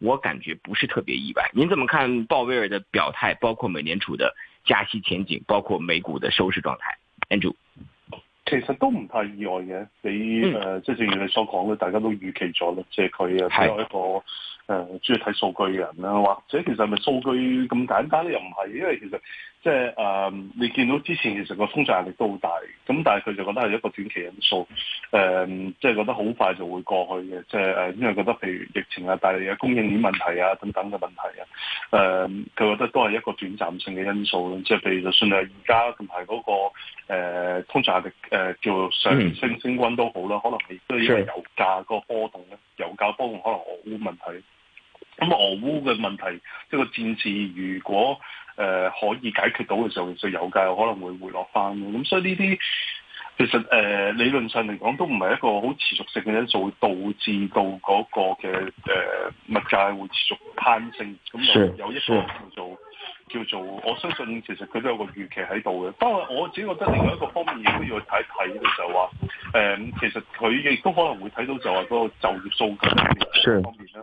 我感覺不是特別意外，您怎麼看鮑威爾的表態，包括美聯儲的加息前景，包括美股的收市狀態？Andrew，其實都唔太意外嘅，你誒，即係、嗯呃、正如你所講嘅，大家都預期咗啦，即係佢啊係一個誒，鍾意睇數據嘅人啦，或者其實係咪數據咁簡單咧？又唔係，因為其實。即係誒，你見到之前其實個通脹壓力都好大，咁但係佢就覺得係一個短期因素，誒、嗯，即係覺得好快就會過去嘅，即係因為覺得譬如疫情啊，帶嚟嘅供應鏈問題啊等等嘅問題啊，誒、嗯，佢覺得都係一個短暫性嘅因素咯，即係譬如就算係而家同埋嗰個、呃、通脹壓力誒，叫做、呃、上升升溫都好啦，可能亦都因為油價個波動咧，嗯、油價波動可能好問題。咁、嗯、俄烏嘅問題，即、這個戰事，如果誒、呃、可以解決到嘅時候，所以油價可能會回落翻咁、嗯、所以呢啲其實誒、呃、理論上嚟講，都唔係一個好持續性嘅因素，做會導致到嗰、那個嘅誒、呃、物價會持續攀升。咁、嗯、有的有一個叫做的叫做，我相信其實佢都有個預期喺度嘅。不過我自己覺得另外一個方面亦都要睇一睇嘅，就話、是呃、其實佢亦都可能會睇到就話嗰個就業數據方面啦。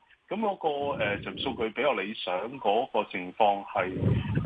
咁嗰、個就、呃、數據比較理想嗰個情況係誒、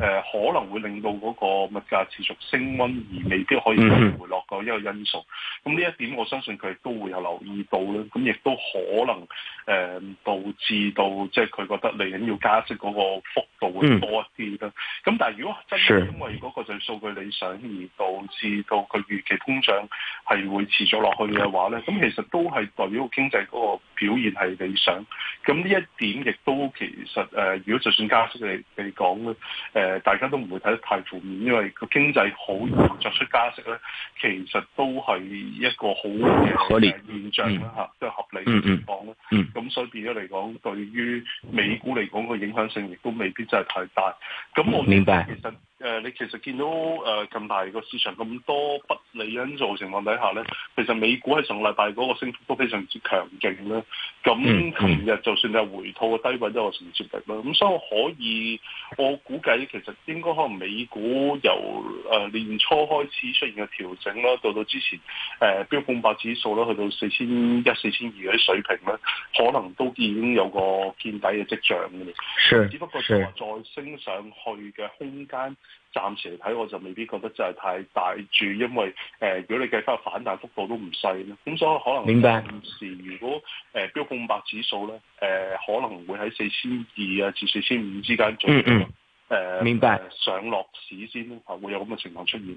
呃、可能會令到嗰個物價持續升溫而未必可以回落嗰一個因素。咁呢、mm hmm. 一點我相信佢都會有留意到啦。咁亦都可能誒、呃、導致到即係佢覺得嚟緊要加息嗰個幅度會多一啲啦。咁、mm hmm. 但係如果真係因為嗰個就數據理想而導致到佢預期通脹係會持續落去嘅話咧，咁其實都係代表經濟嗰個表現係理想。咁呢、個一點亦都其實誒，如、呃、果就算加息嚟嚟講咧，誒、呃、大家都唔會睇得太負面，因為個經濟好易作出加息咧，其實都係一個好嘅現象啦嚇，都係憐合，合理嚟講咧。咁、嗯嗯嗯、所以變咗嚟講，對於美股嚟講個影響性亦都未必真係太大。咁我明白其實。誒、呃，你其實見到誒、呃、近排個市場咁多不利因素情況底下咧，其實美股喺上個禮拜嗰個升幅都非常之強勁咧。咁琴日就算係回吐嘅低位都有承接力啦，咁所以我可以，我估計其實應該可能美股由誒、呃、年初開始出現嘅調整啦，到到之前誒、呃、標普百指數啦，去到四千一、四千二嗰啲水平咧，可能都已經有個見底嘅跡象嘅。係，只不過就係話再升上去嘅空間。暫時嚟睇，我就未必覺得真係太大注，因為、呃、如果你計翻個反彈幅度都唔細咧，咁所以可能明白暫時如果、呃、標普五百指數咧、呃，可能會喺四千二啊至四千五之間做、嗯嗯呃、明白，上落市先會有咁嘅情況出現。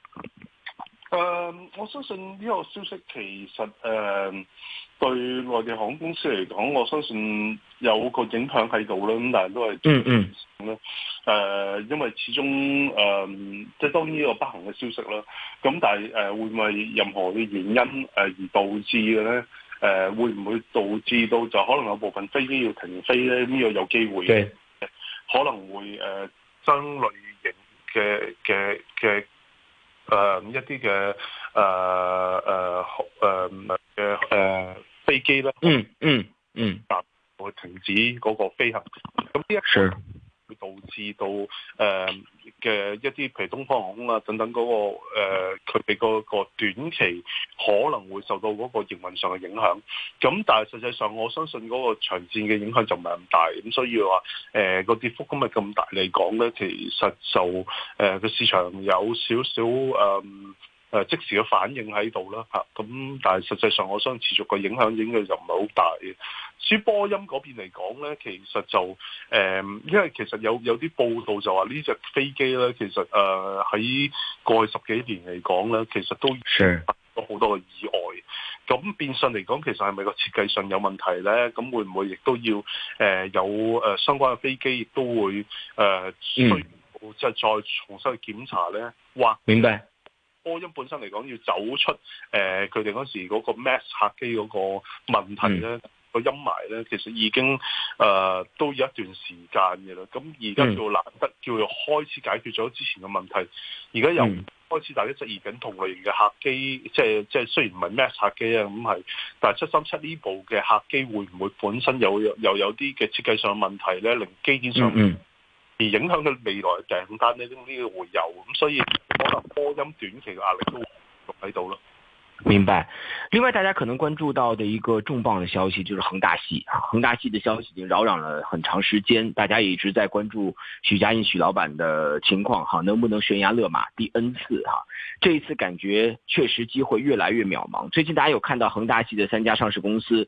誒，uh, 我相信呢個消息其實誒、uh, 對內地航空公司嚟講，我相信有個影響喺度啦。咁但係都係最正常啦。誒、嗯，嗯 uh, 因為始終誒、uh, 即係當呢個不幸嘅消息啦。咁但係誒、uh, 會唔會任何嘅原因誒、uh, 而導致嘅咧？誒、uh, 會唔會導致到就可能有部分飛機要停飛咧？呢、這個有機會嘅，實可能會誒將、uh, 類型嘅嘅嘅。誒、呃，一啲嘅誒誒誒誒飛機啦、嗯，嗯嗯嗯，會停止嗰個飛行，咁呢一。會導致到誒嘅、呃、一啲，譬如東方航空啊等等嗰、嗰個佢哋個個短期可能會受到嗰個營運上嘅影響。咁但係實際上，我相信嗰個長線嘅影響就唔係咁大。咁所以話誒個跌幅今日咁大嚟講咧，其實就誒個、呃、市場有少少誒。呃誒、呃、即時嘅反應喺度啦，咁、啊，但係實際上我相信持續嘅影響影響就唔係好大嘅。至於波音嗰邊嚟講咧，其實就誒、嗯，因為其實有有啲報道，就話呢隻飛機咧，其實誒喺、呃、過去十幾年嚟講咧，其實都出咗好多嘅意外。咁是變相嚟講，其實係咪個設計上有問題咧？咁會唔會亦都要誒、呃、有誒、呃、相關嘅飛機亦都會誒需即係再重新去檢查咧？哇點解？波音本身嚟講要走出誒佢哋嗰時嗰個 Max 客機嗰個問題咧，個陰、嗯、霾咧，其實已經誒、呃、都有一段時間嘅啦。咁而家叫難得，叫做開始解決咗之前嘅問題。而家又開始大家質疑緊同類型嘅客機，嗯、即係即係雖然唔係 Max 客機啊，咁係但係七三七呢部嘅客機會唔會本身有又有啲嘅設計上嘅問題咧，令機件上面、嗯？嗯而影響佢未來訂單呢？呢個會有咁，所以可能波音短期嘅壓力都喺度咯。明白。另外，大家可能關注到嘅一個重磅嘅消息，就是恒大系啊！恒大系嘅消息已經擾攘了很長時間，大家也一直在關注許家印、許老闆嘅情況，哈，能不能懸崖勒馬？第 N 次哈，這一次感覺確實機會越來越渺茫。最近大家有看到恒大系嘅三家上市公司？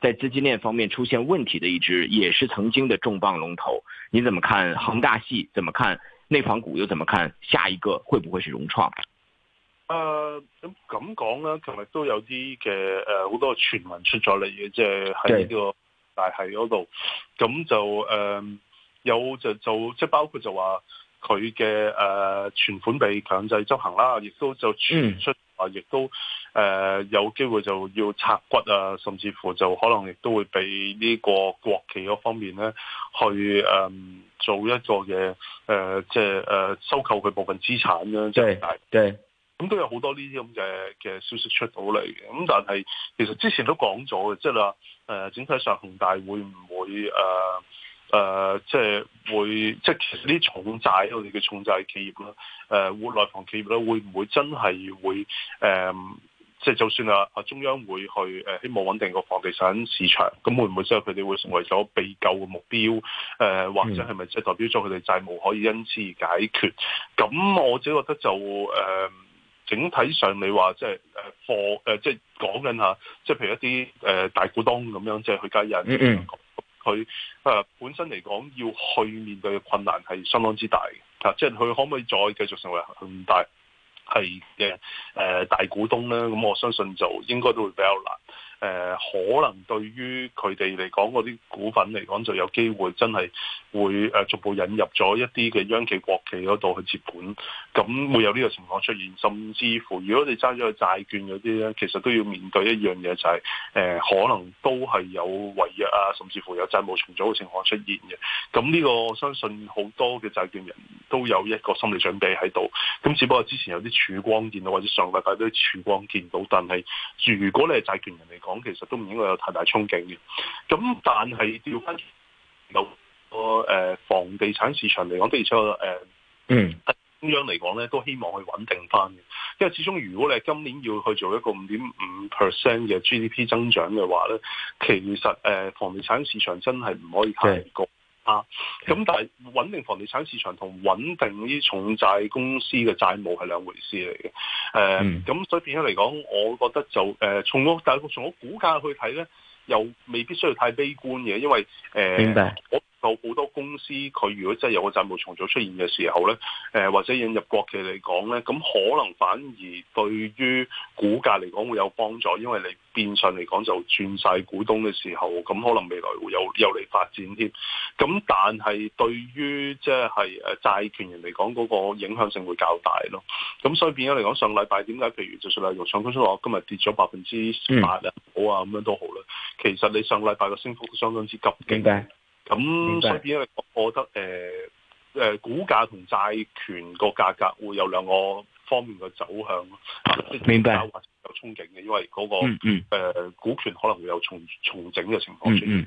在資金鏈方面出現問題的一支，也是曾經的重磅龍頭，你怎麼看恒大系？怎麼看內房股？又怎麼看下一個會不會是融創？誒、呃，咁咁講咧，其實都有啲嘅誒，好、呃、多傳聞出咗嚟嘅，即係喺呢個大系嗰度，咁對就誒、呃、有就就即係包括就話佢嘅誒存款被強制執行啦，亦都就傳出。嗯啊！亦都誒有機會就要拆骨啊，甚至乎就可能亦都會畀呢個國企嗰方面咧，去誒、嗯、做一個嘅誒，即係誒收購佢部分資產咧、啊，即係咁都有好多呢啲咁嘅嘅消息出到嚟嘅。咁但係其實之前都講咗嘅，即係話誒整體上恒大會唔會誒？啊誒、呃，即係會，即係其實啲重債，我哋嘅重債企業啦，誒、呃，活內房企業啦，會唔會真係會誒？即、呃、係就算啊，啊中央會去誒，希望穩定個房地產市場，咁會唔會即係佢哋會成為咗被救嘅目標？誒、呃，或者係咪即係代表咗佢哋債務可以因此而解決？咁我自己覺得就誒、呃，整體上你話即係誒貨誒，即係、呃、講緊下，即係譬如一啲誒、呃、大股東咁樣，即係佢加入。嗯嗯。佢誒本身嚟講要去面對嘅困難係相當之大嘅，嚇、啊，即係佢可唔可以再繼續成為恒大系嘅誒大股東咧？咁我相信就應該都會比較難。誒、呃、可能對於佢哋嚟講，嗰啲股份嚟講就有機會，真係會誒逐步引入咗一啲嘅央企國企嗰度去接盤，咁會有呢個情況出現。甚至乎，如果你揸咗個債券嗰啲咧，其實都要面對一樣嘢，就係，就係誒可能都係有違約啊，甚至乎有債務重組嘅情況出現嘅。咁呢個我相信好多嘅債券人都有一個心理準備喺度。咁只不過之前有啲曙光見到，或者上個禮拜都有曙光見到，但係如果你係債券人嚟，講，其實都唔應該有太大憧憬嘅。咁但係調翻有個誒房地產市場嚟講，的而且確中央嚟講咧都希望去穩定翻嘅，因為始終如果你係今年要去做一個五點五 percent 嘅 GDP 增長嘅話咧，其實誒、呃、房地產市場真係唔可以太高。啊，咁但係穩定房地產市場同穩定啲重債公司嘅債務係兩回事嚟嘅，誒、呃，咁、嗯、所以變咗嚟講，我覺得就誒、呃，從我但係從我估價去睇咧，又未必需要太悲觀嘅，因為誒、呃、明白。有好多公司，佢如果真係有個債務重組出現嘅時候咧，誒、呃、或者引入國企嚟講咧，咁可能反而對於股價嚟講會有幫助，因為你變相嚟講就轉晒股東嘅時候，咁可能未來會有又嚟發展添。咁但係對於即係誒債權人嚟講，嗰、那個影響性會較大咯。咁所以變咗嚟講，上禮拜點解譬如就算例如上股通話今日跌咗百分之八啊，嗯、好啊，咁樣都好啦。其實你上禮拜嘅升幅相當之急激，驚。咁所以因為我覺得誒誒、呃呃、股價同債權個價格會有兩個方面嘅走向，即係，明白，有收或是有憧憬嘅，因為嗰、那個誒、嗯嗯呃、股權可能會有重重整嘅情況出現。嗯嗯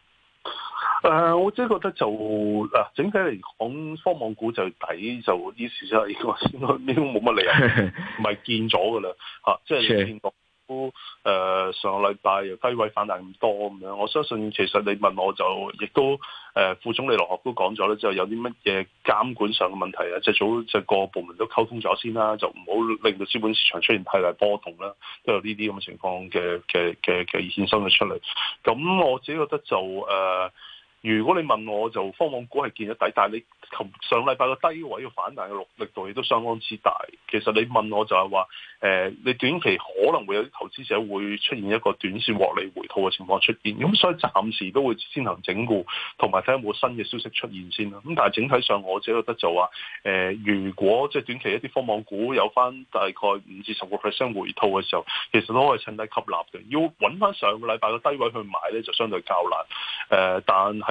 誒，uh, 我自己覺得就嗱、啊，整體嚟講，科網股就抵，就啲事實係個先，現在都冇乜理由，唔係 見咗噶啦吓，即係見到誒、呃、上個禮拜又低位反彈咁多咁樣，我相信其實你問我就亦都誒、呃，副總理羅學都講咗咧，就是、有啲乜嘢監管上嘅問題啊，即、就、係、是、早就是、個部門都溝通咗先啦，就唔好令到資本市場出現太大波動啦，都有呢啲咁嘅情況嘅嘅嘅嘅意見深入出嚟。咁我自己覺得就誒。呃如果你問我就科網股係見底，但係你琴上禮拜個低位嘅反彈嘅力力度亦都相當之大。其實你問我就係話，誒、呃，你短期可能會有啲投資者會出現一個短線獲利回吐嘅情況出現。咁所以暫時都會先行整固，同埋睇下有冇新嘅消息出現先啦。咁但係整體上我自己覺得就話，誒、呃，如果即係短期一啲科網股有翻大概五至十個 percent 回吐嘅時候，其實都可以趁低吸納嘅。要揾翻上個禮拜個低位去買咧，就相對較難。誒、呃，但係。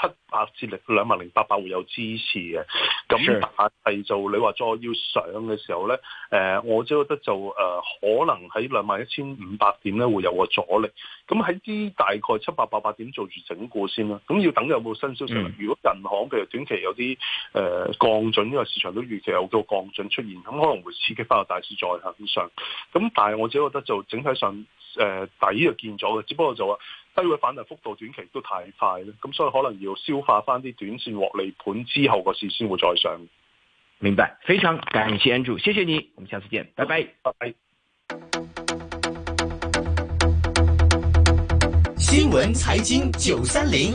七百接力兩萬零八百會有支持嘅，咁 Sure. 但係就你話再要上嘅時候咧，誒、呃，我只覺得就誒、呃、可能喺兩萬一千五百點咧會有個阻力。咁喺啲大概七百八百點做住整固先啦。咁要等有冇新消息？Mm. 如果銀行譬如短期有啲誒、呃、降準，呢個市場都預期有個降準出現，咁可能會刺激翻個大市再向上。咁但係我自己覺得就整體上誒、呃、底就見咗嘅，只不過就話低位反彈幅度短期都太快咧，咁所以可能要消化翻啲短線獲利盤之後個市先會再上。明白，非常感謝 Andrew，謝謝你，我們下次見，拜拜，拜拜。新聞財經九三零。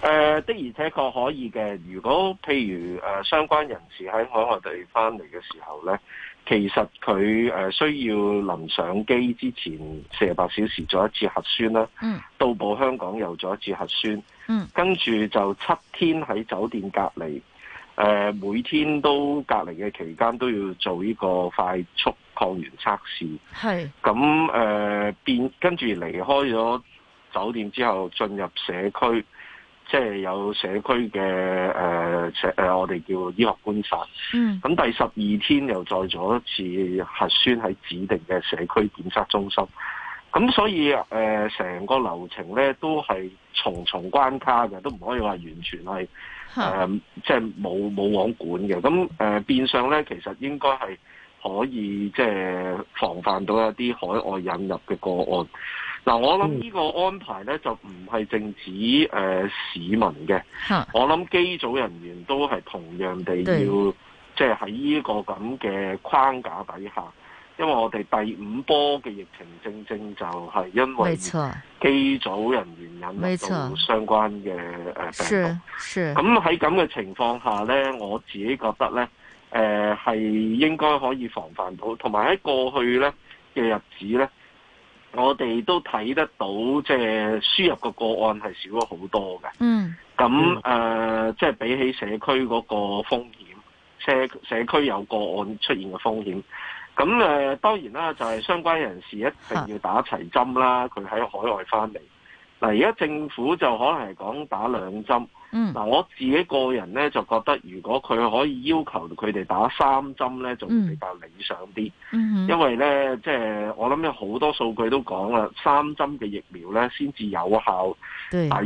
誒、呃、的而且確可以嘅。如果譬如誒、呃、相關人士喺海外地翻嚟嘅時候咧，其實佢誒、呃、需要臨上機之前四十八小時做一次核酸啦。嗯。到埗香港又做一次核酸。嗯。跟住就七天喺酒店隔離，誒、呃、每天都隔離嘅期間都要做呢個快速抗原測試。係是。咁誒、呃、變跟住離開咗酒店之後，進入社區。即係有社區嘅誒、呃、社、呃、我哋叫醫學觀察。嗯，咁第十二天又再做一次核酸喺指定嘅社區檢測中心。咁所以誒，成、呃、個流程咧都係重重關卡嘅，都唔可以話完全係誒、呃，即係冇冇王管嘅。咁誒、呃、變相咧，其實應該係可以即係防範到一啲海外引入嘅個案。嗱，嗯、我諗呢個安排呢就唔係淨止誒市民嘅。哈我諗機組人員都係同樣地要，即係喺呢個咁嘅框架底下，因為我哋第五波嘅疫情正正就係因為機組人員引嚟到相關嘅誒病毒，咁喺咁嘅情況下呢，我自己覺得呢誒係、呃、應該可以防範到，同埋喺過去呢嘅日子呢，我哋都睇得到，即係輸入嘅個案係少咗好多嘅。嗯，咁誒，即係比起社區嗰個風險，社社區有個案出現嘅風險，咁誒、呃，當然啦，就係、是、相關人士一定要打齊針啦。佢喺、啊、海外翻嚟。嗱，而家政府就可能係講打兩針。嗯，嗱，我自己個人咧就覺得，如果佢可以要求佢哋打三針咧，就比較理想啲。嗯。嗯，因為咧，即係我諗有好多數據都講對啦，三針嘅疫苗咧先至有效抵禦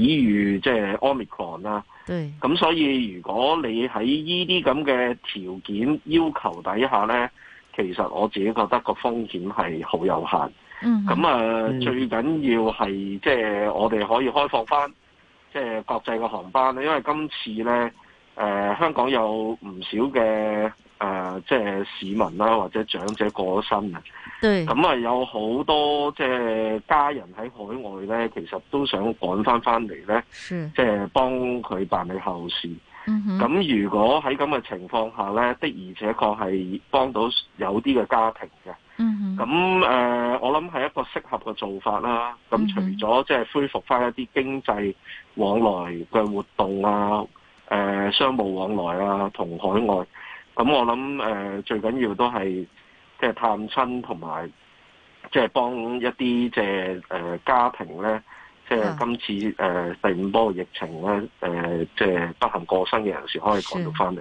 即係 Omicron 啦。對，咁所以如果你喺呢啲咁嘅條件要求底下咧，其實我自己覺得個風險係好有限。咁啊，mm hmm. 最緊要係即係我哋可以開放翻，即係國際嘅航班咧。因為今次咧，誒香港有唔少嘅，誒，即係市民啦，或者長者過咗身啊。對，mm-hmm，咁啊，有好多即係家人喺海外咧，其實都想趕翻翻嚟咧，即係幫佢辦理後事。嗯哼，咁如果喺咁嘅情況下咧，的而且確係幫到有啲嘅家庭嘅。嗯，咁誒、呃，我諗係一個適合嘅做法啦。咁除咗即係恢復翻一啲經濟往來嘅活動啊，誒、呃，商務往來啊，同海外。咁我諗誒、呃，最緊要都係即係探親同埋，即係幫一啲即係誒家庭咧，即係今次誒第五波疫情咧，即係的、呃即係、不幸過身嘅人士可以趕到翻嚟。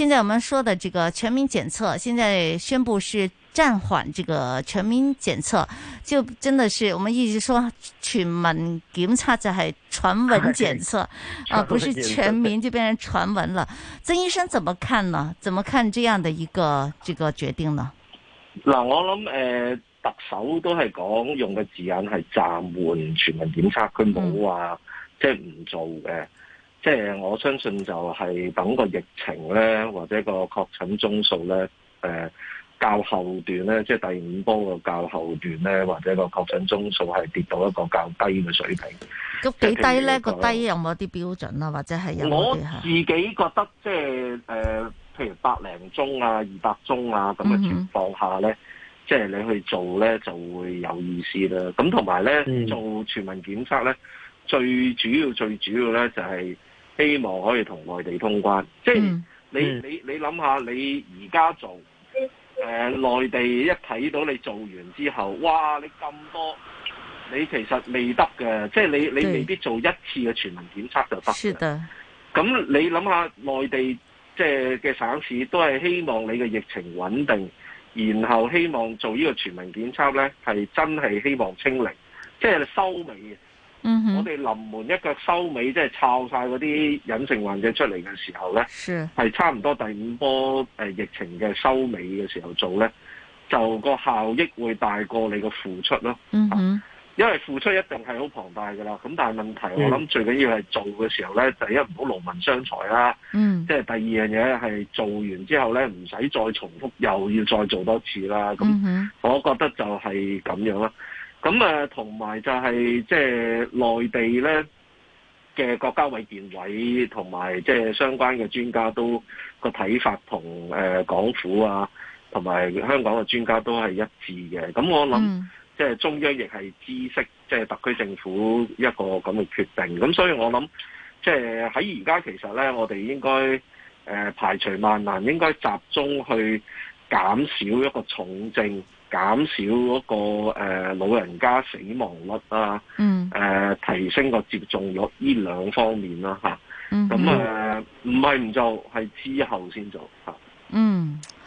現在我們說的這個全民檢測，現在宣布是暫緩這個全民檢測，就真的是我們一直說全民檢測就係傳聞檢測、哎、呀啊，測不是全民就變成傳聞了。曾醫生怎麼看呢？怎麼看這樣的一個這個決定呢？嗱、呃，我諗誒、呃，特首都係講用嘅字眼係暫緩全民檢測、啊，佢冇話即係唔做嘅。即係我相信就係等個疫情咧，或者個確診宗數咧，誒、呃、較後段咧，即係第五波個較後段咧，或者個確診宗數係跌到一個較低嘅水平。咁幾低咧？個低有冇一啲標準啊？或者係有是我自己覺得即係誒、呃，譬如百零宗啊、二百宗啊咁嘅情況下咧，mm hmm. 即係你去做咧就會有意思啦。咁同埋咧做全民檢測咧，最主要最主要咧就係、是。希望可以同內地通關，即係你、嗯嗯、你你諗下，你而家做誒、呃、內地一睇到你做完之後，哇！你咁多，你其實未得嘅，即係你你未必做一次嘅全民檢測就得嘅。是的，咁你諗下內地即係嘅省市都係希望你嘅疫情穩定，然後希望做呢個全民檢測呢，係真係希望清零，即係收尾。Mm hmm. 我哋臨門一腳收尾，即係抄晒嗰啲隱性患者出嚟嘅時候呢，係是差唔多第五波疫情嘅收尾嘅時候做呢，就個效益會大過你個付出咯。Mm hmm. 因為付出一定係好龐大噶啦。咁但係問題，我諗最緊要係做嘅時候呢，mm hmm. 第一唔好勞民傷財啦。即係、mm hmm. 第二樣嘢係做完之後呢，唔使再重複，又要再做多次啦。咁，我覺得就係咁樣咯。咁啊，同埋就係即係內地咧嘅國家衛健委同埋即係相關嘅專家都個睇法同誒港府啊，同埋香港嘅專家都係一致嘅。咁我諗即係中央亦係知悉即係特區政府一個咁嘅決定。咁所以我諗即係喺而家其實咧，我哋應該誒排除萬難應該集中去減少一個重症。減少嗰、那個、呃、老人家死亡率啊，mm. 呃、提升個接種率呢兩方面啦、啊、吓，咁誒唔係唔做，係之後先做嗯。啊 mm.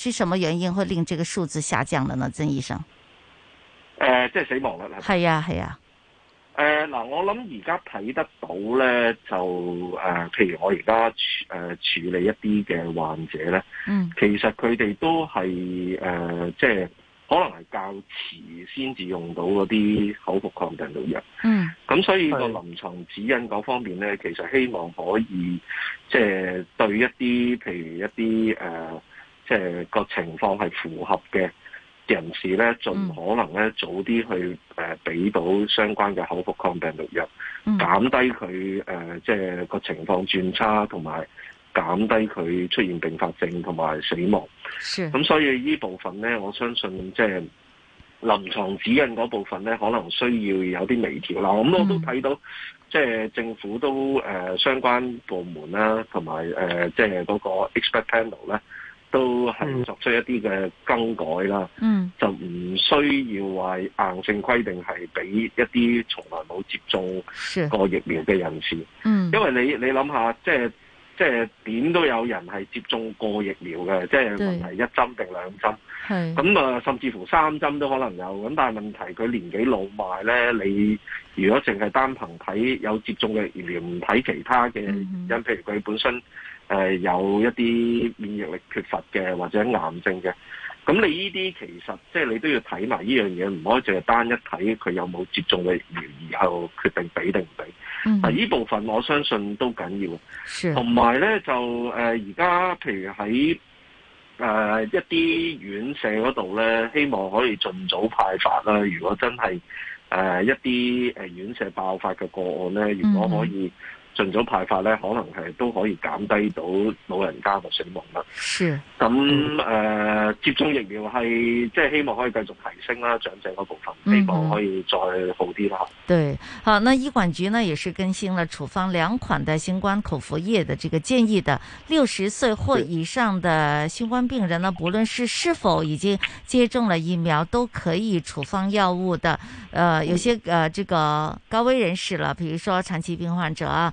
是什麼原因會令這個數字下降的呢？曾醫生，誒、呃，即係死亡率，係啊，係啊誒，嗱、呃，我諗而家睇得到咧，就誒、呃，譬如我而家誒處理一啲嘅患者咧，嗯，其實佢哋都係誒、呃，即係可能係較遲先至用到嗰啲口服抗病毒藥，嗯，咁所以個臨床指引嗰方面咧，的其實希望可以，即係對一啲，譬如一啲誒。呃即係個情況係符合嘅人士咧，盡可能咧早啲去誒俾、呃、到相關嘅口服抗病毒藥，嗯、減低佢誒即係個情況轉差，同埋減低佢出現併發症同埋死亡。咁是所以呢部分咧，我相信即係臨床指引嗰部分咧，可能需要有啲微調啦。咁、嗯、我都睇到即係、就是、政府都誒、呃、相關部門啦、啊，同埋誒即係嗰個 expert panel 咧。都係作出一啲嘅更改啦，嗯、就唔需要話硬性規定係俾一啲從來冇接種過疫苗嘅人士，嗯、因為你你諗下，即係即係點都有人係接種過疫苗嘅，對即係問題一針定兩針，咁啊是甚至乎三針都可能有，咁但係問題佢年紀老邁咧，你如果淨係單憑睇有接種嘅疫苗，唔睇其他嘅，因、嗯、譬如佢本身。誒、呃、有一啲免疫力缺乏嘅或者癌症嘅，咁你呢啲其實即係你都要睇埋呢樣嘢，唔可以淨係單一睇佢有冇接種嘅原因然後決定俾定唔俾。呢、嗯、部分我相信都緊要，同埋咧就誒而家譬如喺誒、呃、一啲院舍嗰度咧，希望可以盡早派發啦、啊。如果真係誒、呃、一啲誒院舍爆發嘅個案咧，嗯、如果可以。盡早派發咧，可能係都可以減低到老人家嘅死亡率。是咁誒那、嗯呃，接種疫苗係即係希望可以繼續提升啦，長者嗰部分希望可以再好啲啦。嚇，對，好，那醫管局呢也是更新了處方兩款的新冠口服液的這個建議的，六十歲或以上的新冠病人呢，無論是是否已經接種了疫苗，都可以處方藥物的。誒、呃，有些誒、呃，這個高危人士啦，譬如說長期病患者、啊。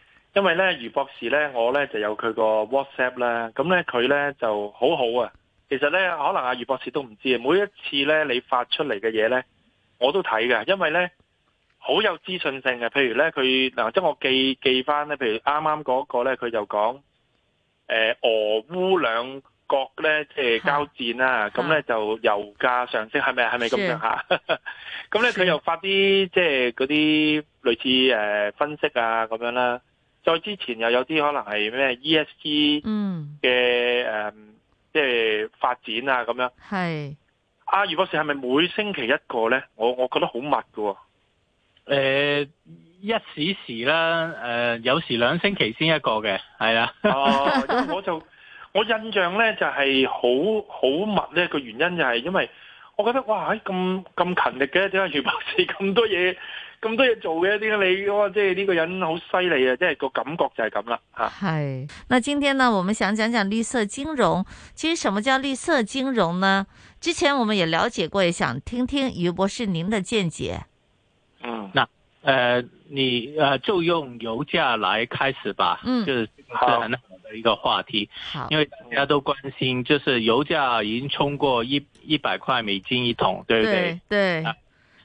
因為咧，余博士咧，我咧就有佢個 WhatsApp 啦。咁咧佢咧就好好啊。其實咧，可能阿余博士都唔知啊。每一次咧你發出嚟嘅嘢咧，我都睇嘅，因為咧好有資訊性嘅。譬如咧，佢嗱即係我記記翻咧，譬如啱啱嗰個咧，佢就講誒俄烏兩國咧即係交戰啦，啊，咁咧，啊、就油價上升，係咪係咪咁樣吓？咁咧佢又發啲即係嗰啲類似誒，呃、分析啊咁樣啦。再之前又有啲可能係咩 ESG 嘅誒、即係發展啊咁樣。係阿是、啊、余博士係咪每星期一個咧？我我覺得好密㗎喎、哦呃。一時時啦、呃，有時兩星期先一個嘅。係啊，哦、 因為我就我印象咧就係好好密咧，個原因就係因為我覺得哇喺咁咁勤力嘅，點解余博士咁多嘢？咁多嘢做嘅呢個你哇，即係呢個人好犀利啊！即係個感覺就係咁啦，吓。係。那今天呢，我們想講講綠色金融。其實什麼叫綠色金融呢？之前我們也了解過，也想聽聽余博士您的見解。嗯，那，誒、呃，你，呃就用油價來開始吧。嗯。就是這是很好的一個話題。好。因為大家都關心，就是油價已經衝過一一百塊美金一桶，對不對？對。對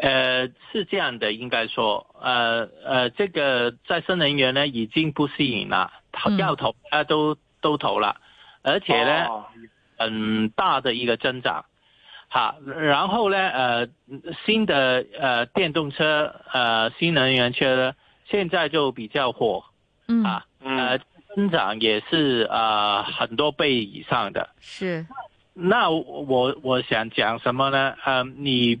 呃，是這樣的，應該說，呃，呃這個再生能源呢已經不吸引了，嗯、要投啊、呃、都都投了，而且呢很、哦嗯、大的一個增長，吓，然後呢，呃，新的呃電動車，呃新能源車呢現在就比較火，嗯啊，呃增長也是呃很多倍以上的是那，那我我想講什麼呢？呃，你。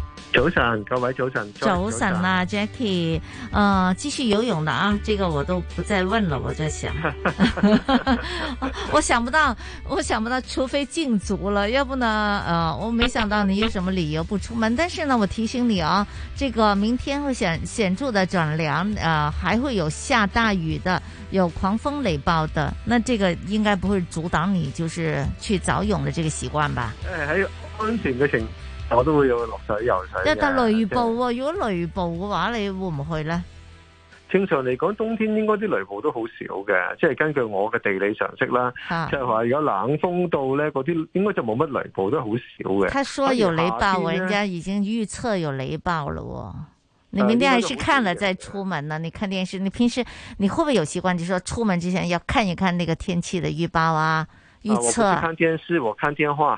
早晨，各位早晨。早晨啊，Jacky，呃，繼續游泳的啊，這個我都不再問了。我在想、 啊，我想不到，我想不到，除非禁足了，要不呢？呃，我沒想到你有什麼理由不出門。但是呢，我提醒你啊，這個明天會顯顯著的轉涼，呃，還會有下大雨的，有狂風雷暴的。那這個應該不會阻擋你，就是去早泳的這個習慣吧？哎、還有安全的情。我都會有落水游水。有得雷暴啊！就是，如果雷暴嘅，啊，話，你會唔去呢？正常嚟講，冬天應該啲雷暴都好少嘅，即、就、係、是、根據我嘅地理常識啦。啊，就係話如果冷風到咧，嗰啲應該就冇乜雷暴都很，都好少嘅。他說有雷暴，我人家已經預測有雷暴了。你明天還是看了再出門呢，啊？啊，你看電視，你平時你會不會有習慣，就說出門之前要看一看那個天氣的預報啊？預測。啊，我去看電視，我看電話。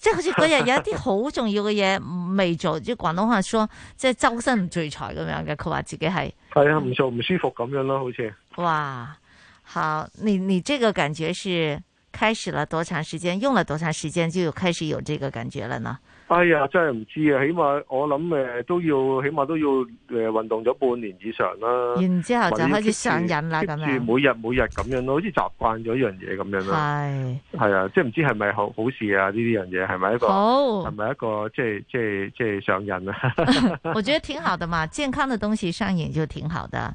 即係好似嗰日有一啲好重要嘅嘢未做，即係廣東話講，即係周身唔聚財咁樣嘅。佢話自己係係啊，唔做唔舒服咁樣咯，好似。哇，好，你你呢個感覺是開始了多長時間？用了多長時間就有開始有呢個感覺了呢？哎呀，真係唔知啊！起碼我諗誒都要，起碼都要誒運動咗半年以上啦。然之後就開始上癮啦，咁樣，每日每日咁樣，好似習慣咗一樣嘢，咁樣啦。係係、哎、啊，即係唔知係咪好好事啊？呢啲樣嘢，係咪一個係咪好一個即係即係即係上癮啊？ 我覺得挺好的嘛，健康的東西上癮就挺好的。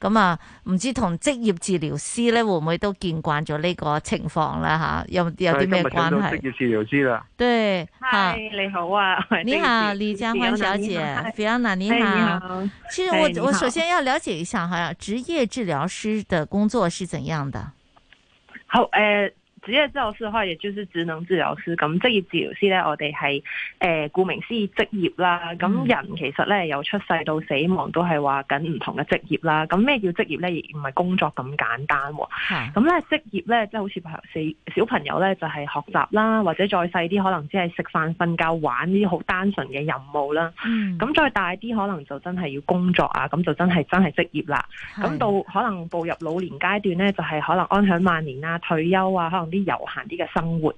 咁啊，唔知同職業治療師咧會唔會都見慣咗呢個情況啦？吓，有有啲咩關係？今日見到職業治療師啦。對，你 Hi, 好啊，你好李家歡小姐 Fiona，你好。其實我我首先要了解一下吓，職 Hey, 業治療師嘅工作是怎樣的？Hey, 好誒。好呃職業治療師嘅話，也就是職能治療師。咁職業治療師咧，我哋係誒，顧名思義職業啦。咁、嗯、人其實咧，由出世到死亡都係話緊唔同嘅職業啦。咁咩叫職業咧？亦唔係工作咁簡單。係是。咁咧職業咧，即係好似小朋友咧，就係學習啦，或者再細啲，可能只係食飯、瞓覺、玩呢啲好單純嘅任務啦。咁、嗯、再大啲，可能就真係要工作啊。咁就真係真係職業啦。咁是到可能步入老年階段咧，就係、是、可能安享晚年啊，退休啊，可能呢。悠閒啲嘅生活，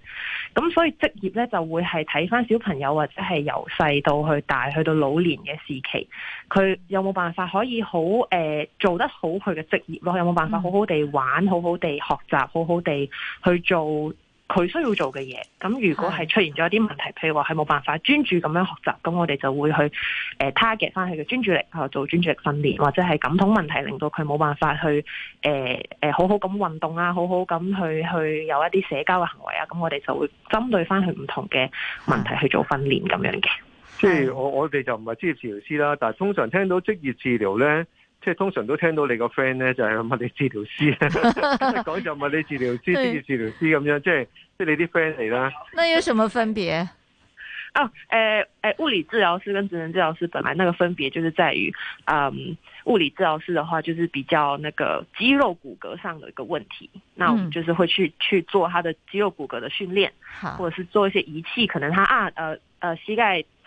咁所以職業呢就會係睇返小朋友或者係由細到去大，去到老年嘅時期，佢有冇辦法可以好誒做得好佢嘅職業咯？有冇辦法好好地玩，好好地學習，好好地去做？佢需要做嘅嘢，咁如果係出現咗一啲問題，譬如話係冇辦法專注咁樣學習，咁我哋就會去誒 target 翻佢嘅專注力，去做專注力訓練，或者係感統問題令到佢冇辦法去誒誒好好咁運動啊，好好咁去去有一啲社交嘅行為啊，咁我哋就會針對翻佢唔同嘅問題去做訓練咁的樣嘅。即係我我哋就唔係職業治療師啦，但係通常聽到職業治療咧。即係通常都聽到你個 friend 咧就係物理治療師，講 就物理治療師、職業 對治療師咁樣，即係即係你啲 friend 嚟啦。那有什麼分別？啊、哦，誒、呃、誒、呃，物理治療師跟職能治療師本來那個分別就是在於，嗯、呃，物理治療師的話就是比較那個肌肉骨骼上的一個問題，嗯、那我們就是會去去做他的肌肉骨骼的訓練，或者是做一些儀器，可能他啊，呃呃，呃，膝蓋。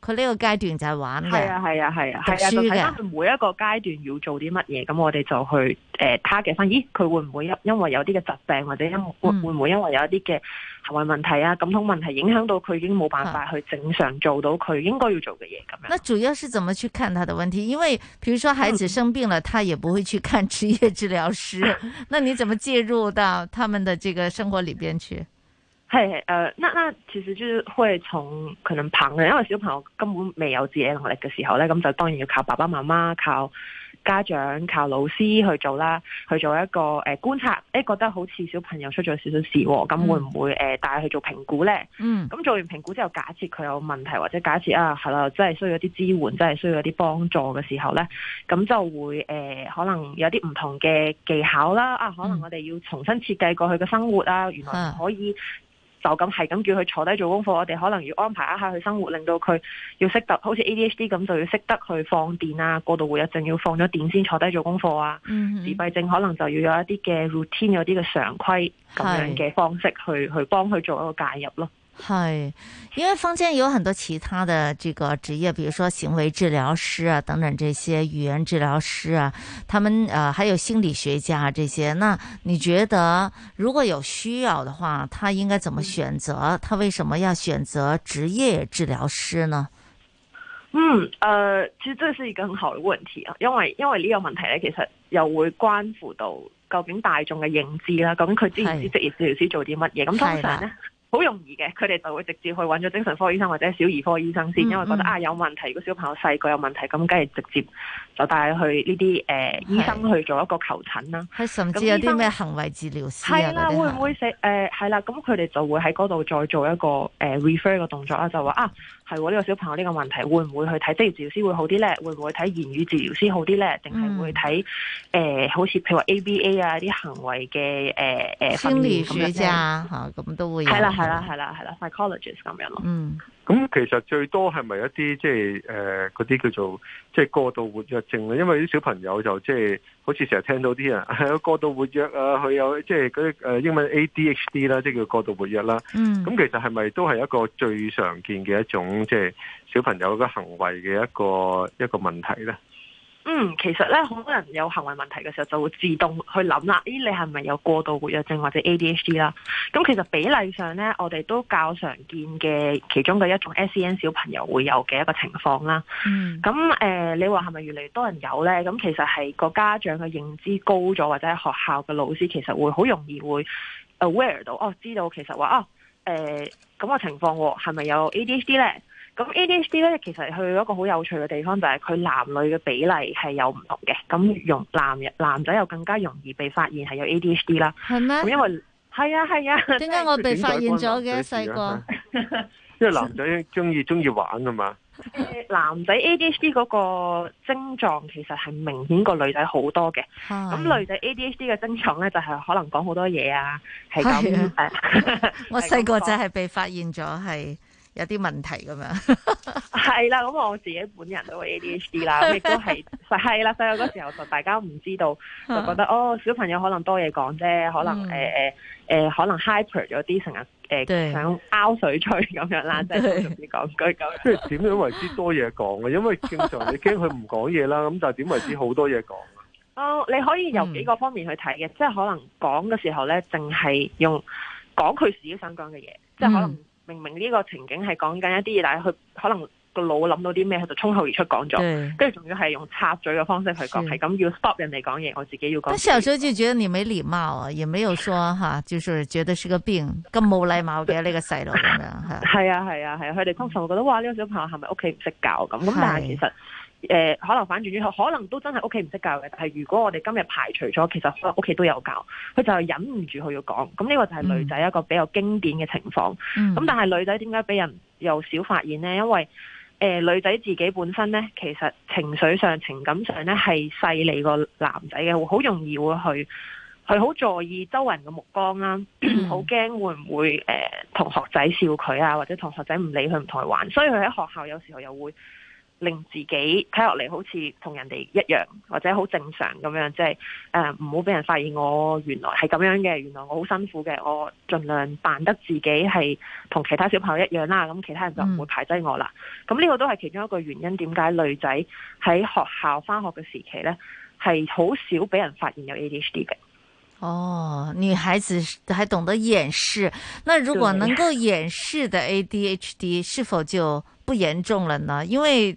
佢呢個階段就係玩，係啊係啊係啊，啊，就睇翻佢每一個階段要做啲乜嘢，咁我哋就去誒，target 返，咦，佢會唔會因為因為有啲嘅疾病或者因會會唔會因為有一啲嘅行為問題啊、溝通、嗯、問題影響到佢已經冇辦法去正常做到佢應該要做嘅嘢咁樣。那主要是怎麼去看他的問題？因為，譬如說孩子生病了，嗯、他也不會去看職業治療師， 那你怎麼介入到他們的這個生活裡邊去？係誒，那那其實就係會從可能旁嘅，因為小朋友根本未有自己能力嘅時候咧，咁就當然要靠爸爸媽媽、靠家長、靠老師去做啦，去做一個誒觀察，誒覺得好似小朋友出咗少少事，咁會唔會誒帶佢去做評估咧？嗯，咁做完評估之後，假設佢有問題，或者假設啊係啦，真係需要一啲支援，真係需要一啲幫助嘅時候咧，咁就會誒可能有啲唔同嘅技巧啦，啊可能我哋要重新設計過去嘅生活啊，原來可以。就咁係咁叫佢坐低做功課，我哋可能要安排一下佢生活，令到佢要識得好似 ADHD 咁，就要識得去放電啊，過度活躍症要放咗電先坐低做功課啊。嗯、哼自閉症可能就要有一啲嘅 routine 有啲嘅常規咁樣嘅方式，是去去幫佢做一個介入咯。係，因為坊間有很多其他的這個職業，比如說行為治療師啊，等等這些語言治療師啊，他們啊、呃，還有心理學家啊這些。那你覺得如果有需要的話，他應該怎麼選擇？嗯、他為什麼要選擇職業治療師呢？嗯，呃其實這，這是一個很好的問題啊，因為因為呢個問題咧，其實又會關乎到究竟大眾嘅認知啦，究竟佢知唔知職業治療師做啲乜嘢？咁是通常咧。好容易嘅，佢哋就會直接去揾咗精神科醫生或者小兒科醫生先，因為覺得嗯嗯啊有問題，如果小朋友細個有問題，咁梗係直接就帶佢去呢啲誒醫生去做一個求診啦。係，甚至有啲咩行為治療師係、啊、啦，會唔會死係啦，咁佢哋就會喺嗰度再做一個誒、呃、refer 嘅動作啦，就話啊。係喎，呢、這個小朋友呢個問題會唔會去睇職業治療師會好啲呢？會唔會睇言語治療師好啲呢？定係會睇誒、嗯呃、好似譬如話 ABA 啊啲行為嘅誒誒心理學家吓咁、呃、都會有。係啦係啦係啦係啦，psychologist 咁樣咯。嗯。咁其實最多係咪一啲即係誒嗰啲叫做即係、就是、過度活躍症咧？因為啲小朋友就即係、就是、好似成日聽到啲人係、哎，過度活躍啊，佢有即係啲英文 ADHD 啦，即係叫過度活躍啦。嗯，咁其實係咪都係一個最常見嘅一種即係、就是、小朋友嘅行為嘅一個一個問題咧？嗯，其實咧，好多人有行為問題嘅時候就會自動去諗啦。咦，你係咪有過度活躍症或者 ADHD 啦？咁其實比例上咧，我哋都較常見嘅其中嘅一種 SEN 小朋友會有嘅一個情況啦。咁誒、嗯呃，你話係咪越嚟越多人有咧？咁其實係個家長嘅認知高咗，或者學校嘅老師其實會好容易會 aware 到哦，知道其實話哦誒咁個情況係咪有 ADHD 咧？咁 ADHD 咧，其實去一個好有趣嘅地方就係、是、佢男女嘅比例係有唔同嘅。咁容男男仔又更加容易被發現係有 ADHD 啦嗎。係咩？咁因為係啊係啊，點解、啊啊、我被發現咗嘅細個？因為男仔中意中意玩啊嘛。男仔 ADHD 嗰個症狀其實係明顯過女仔好多嘅。咁女仔 ADHD 嘅症狀咧就係可能講好多嘢啊，係咁誒。我細個就係被發現咗係。有啲問題咁樣，係啦，咁我自己本人都會 A D H D 啦，亦都係係啦，所以嗰時候就大家唔知道，就覺得哦，小朋友可能多嘢講啫，可能誒誒誒，可能 hyper 咗啲，成日誒想拗水吹咁樣啦，即係頭先講嗰個。即係點樣為之多嘢講嘅？因為正常你驚佢唔講嘢啦，咁就點為之好多嘢講啊？哦，你可以由幾個方面去睇嘅，即係可能講嘅時候咧，淨係用講佢自己想講嘅嘢，即係可能。明明呢個情景係講緊一啲嘢，但係佢可能個腦諗到啲咩，佢就衝口而出講咗，跟住仲要係用插嘴嘅方式去講，係咁要 stop 人哋講嘢，我自己要講。但小時候就覺得你沒禮貌啊，也沒有說哈、 啊，就是覺得是個病咁冇禮貌嘅呢個細路，係啊係啊係啊，佢哋、 啊啊啊啊、通常會覺得哇呢個小朋友係咪屋企唔識教咁，咁是但係其實。誒、呃，可能反轉之後，可能都真係屋企唔識教嘅。但係如果我哋今日排除咗，其實可能屋企都有教，佢就係忍唔住佢要講。咁呢個就係女仔一個比較經典嘅情況。咁、嗯、但係女仔點解俾人又少發現呢？因為、呃、女仔自己本身呢，其實情緒上、情感上呢係細膩個男仔嘅，好容易會去，去好在意周圍人嘅目光啦，好驚、嗯、 會唔會、呃、同學仔笑佢啊，或者同學仔唔理佢唔同佢玩，所以佢喺學校有時候又會。令自己睇落嚟好似同人哋一樣，或者好正常咁樣，即係誒唔好俾人發現我原來係咁樣嘅，原來我好辛苦嘅，我盡量扮得自己係同其他小朋友一樣啦，咁其他人就唔會排擠我啦。咁呢、嗯、個都係其中一個原因，點解女仔喺學校翻學嘅時期咧，係好少俾人發現有 ADHD 嘅？哦，女孩子係懂得掩飾，那如果能夠掩飾的 ADHD 是否就不嚴重了呢？因為。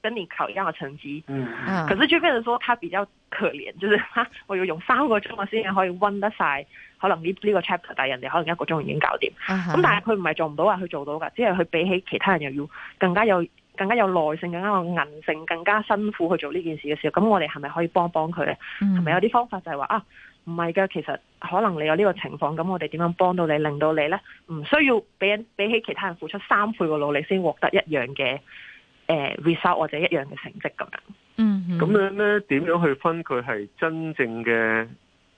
跟你考一樣嘅成績，嗯，啊、可是就變成說，他比較可憐，就是我要用三個鐘我先可以溫得晒，可能呢呢個 chapter，但係人哋可能一個鐘已經搞掂，咁、啊、但係佢唔係做唔到，話佢做到噶，只係佢比起其他人又要更加有更加有耐性，更加有韌性，更加辛苦去做呢件事嘅時候，咁我哋係咪可以幫幫佢咧？係咪、嗯、有啲方法就係話啊？唔係嘅，其實可能你有呢個情況，咁我哋點樣幫到你，令到你咧唔需要俾人比起其他人付出三倍嘅努力先獲得一樣嘅？誒、呃、result 或者一樣嘅成績咁樣，嗯哼，咁樣咧，點樣去分佢係真正嘅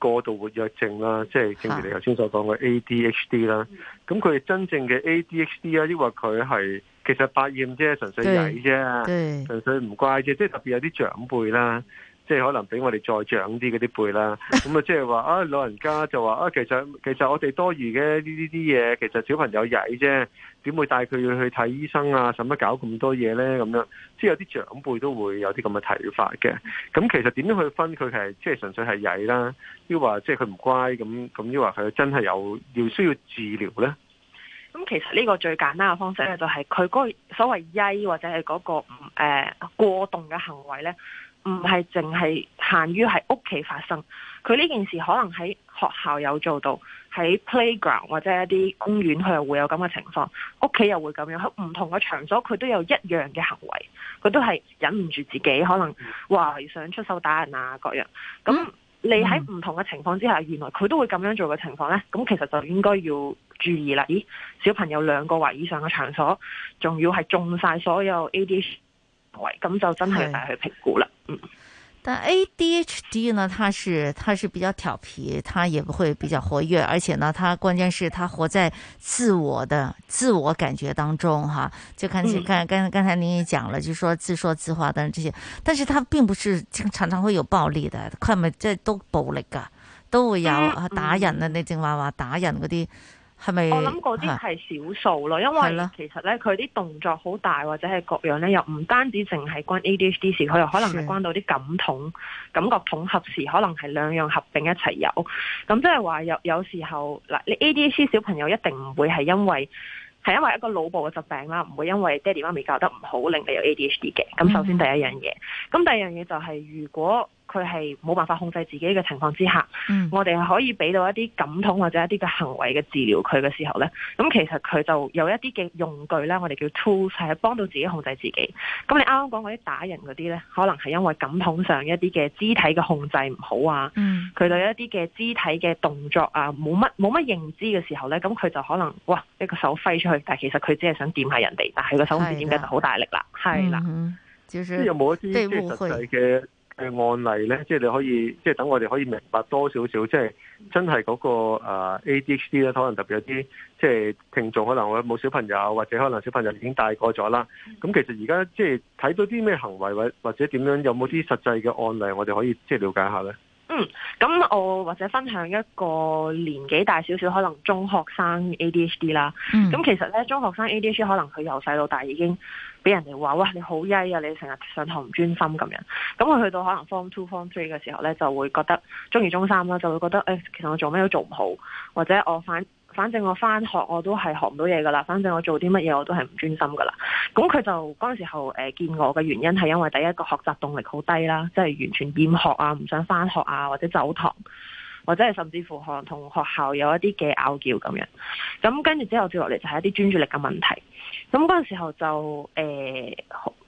過度活躍症啦，即係正如你頭先所講嘅 ADHD 啦，咁佢真正嘅 ADHD 啊，抑或佢係其實百厭啫，純粹曳啫，純粹唔乖啫，即係特別有啲長輩啦。即係可能比我哋再長啲嗰啲輩啦，咁啊即係話啊老人家就話啊其實其實我哋多餘嘅呢啲啲嘢，其實小朋友曳啫，點會帶佢去睇醫生啊？使乜搞咁多嘢咧？咁樣即係有啲長輩都會有啲咁嘅睇法嘅。咁其實點樣去分佢係即係純粹係曳啦，抑或即係佢唔乖咁咁，抑或佢真係有要需要治療咧。咁其實呢個最簡單嘅方式咧，就係，就係佢嗰所謂曳或者係嗰、嗰個誒、呃、過動嘅行為咧。唔係淨係限於喺屋企發生，佢呢件事可能喺學校有做到，喺 playground 或者一啲公園佢又會有咁嘅情況，屋企又會咁樣，喺唔同嘅場所佢都有一樣嘅行為，佢都係忍唔住自己，可能話想出手打人啊各樣。咁你喺唔同嘅情況之下，原來佢都會咁樣做嘅情況呢？咁其實就應該要注意啦。咦，小朋友兩個或以上嘅場所，仲要係中晒所有 ADH。喂，咁就真係要帶佢評估啦。嗯，但 ADHD 呢？它是，它是比較調皮，它也不會比較活躍，而且呢，它關鍵是，它活在自我的自我感覺當中，哈。就看，看，剛，剛才您也講了，就說自說自話等這些，但是它並不是常常會有暴力的，佢係咪都暴力噶、啊？都會有打人啊，你淨話話打人嗰啲。係咪我諗嗰啲係少數咯，是因為其實咧佢啲動作好大或者係各樣咧，又唔單止淨係關 ADHD 事，佢又可能係關到啲感統、是的 感覺統合時，可能係兩樣合併一齊有。咁即係話有有時候嗱，你 ADHD 小朋友一定唔會係因為係因為一個腦部嘅疾病啦，唔會因為爹哋媽咪教得唔好令你有 ADHD 嘅。咁首先第一樣嘢，咁、嗯、第二樣嘢就係、是、如果。佢係冇辦法控制自己嘅情況之下，嗯、我哋係可以俾到一啲感統或者一啲嘅行為嘅治療佢嘅時候咧，咁其實佢就有一啲嘅用具咧，我哋叫 tools 係幫到自己控制自己。咁你啱啱講嗰啲打人嗰啲咧，可能係因為感統上一啲嘅肢體嘅控制唔好啊，佢、嗯、對一啲嘅肢體嘅動作啊冇乜冇乜認知嘅時候咧，咁佢就可能哇一個手揮出去，但係其實佢只係想掂下人哋，但係個手指點解就好大力啦？係啦的，即係冇一啲即係實際嘅？嗯嘅案例呢，即係你可以，即係等我哋可以明白多少少，即係真係嗰個 ADHD 咧，可能特別有啲即係聽眾，可能我冇小朋友，或者可能小朋友已經大個咗啦。咁其實而家即係睇到啲咩行為，或或者點樣，有冇啲實際嘅案例，我哋可以即係了解下呢？嗯，咁我或者分享一個年紀大少少，可能中學生 ADHD 啦。咁，嗯，其實呢，中學生 ADHD 可能佢由細到大已經。俾人哋話哇，你好曳啊！你成日上堂唔專心咁樣，咁佢去到可能 form two form three 嘅時候呢，就會覺得中二中三啦，就會覺得、哎、其實我做咩都做唔好，或者我反反正我翻學我都係學唔到嘢㗎啦，反正我做啲乜嘢我都係唔專心㗎啦。咁佢就嗰時候、呃、見我嘅原因係因為第一個學習動力好低啦，即係完全厭學啊，唔想翻學啊，或者走堂。或者係甚至乎可能同學校有一啲嘅拗撬咁樣，咁跟住之後接落嚟就係一啲專注力嘅問題。咁嗰陣時候就誒，